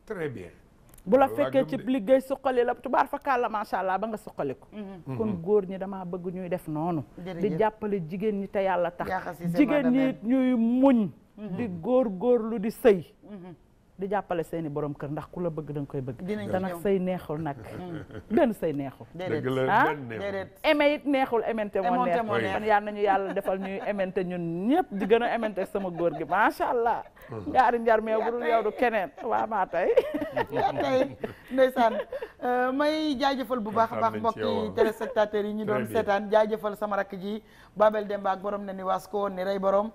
très bien bu la fekkee ci liggéey suqali la tubaar fa kàlla macha allah ba nga suqali ko mm-hmm. kon mm-hmm. góor ñi damaa bëgg ñuy def noonu di jàppale jigéen ñi te yàlla tax jigéen ñi ñuy muñ di mm-hmm. góor lu di sëy di jàppale seeni borom kër ndax ku la bëgg da nga koy bëgg te nag say neexul nag benn say neexul ah aimé it neexul émenté moo neex kon yal nañu yàlla defal ñuy émenté ñun ñëpp di gën a émenté sama góor gi macha allah uh-huh. njaari njar meew bu dul yow du keneen waa maa tey yaa tey ndeysaan euh, may jaajëfal bu baax a baax mbokki téléspectateurs yi ñu doon seetaan jaajëfal sama rakk ji Babel Demba ak borom ne ni waas ko ni rey borom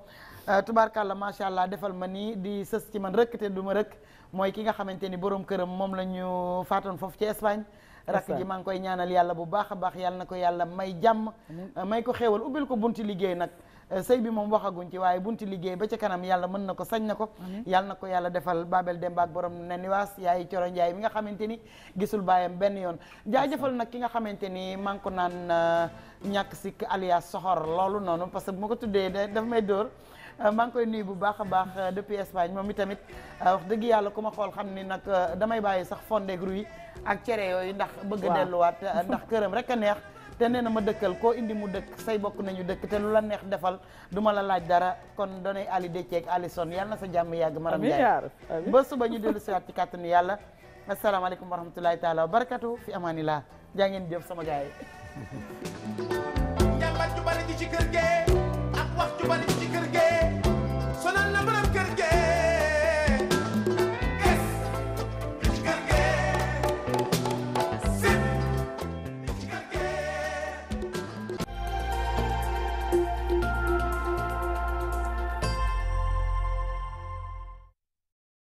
Euh, tubaarkàlla macha allah defal ma nii di sës ci man rëkk te du ma rëkk mooy ki nga xamante ni borom këram moom lañu ñu faatoon foofu ci Espagne. rakk ji maa koy ñaanal yàlla bu baax a baax yàlla na ko yàlla may jàmm. Euh, may ko xewal ubbil ko bunti liggéey nag. Euh, sëy bi moom waxaguñ ci waaye bunti liggéey ba ca kanam yàlla mën na ko sañ na ko yàlla na ko yàlla defal Babel dembaak ak borom ne niwaas yaay Coro Njaay bi nga xamante ni gisul baayam benn yoon jaajëfal nag ki nga xamante ni maa ko naan ñàkk sikk alias soxor loolu noonu parce que bu ko tuddee dafa may dóor Euh, maa ngi koy nuyu bu baax a baax euh, depuis Espagne moom itamit euh, wax dëgg yàlla ku ma xool xam ni nag damay bàyyi sax fonde groupe ak cere yooyu ndax bëgga a delluwaat ndax këram rek a neex te nee na ma dëkkal koo indi mu dëkk say bokk nañu dëkk te lu la neex defal duma la laaj dara kon donay Ali de ak Alison yàlla na sa jàmm yàgg Maram Ndiaye ba suba ñu dellu siwaat ci kàttanu yàlla asalaamaaleykum wa rahmatulahi taala wa fi amaanilaa laa jàngeen jëf sama gars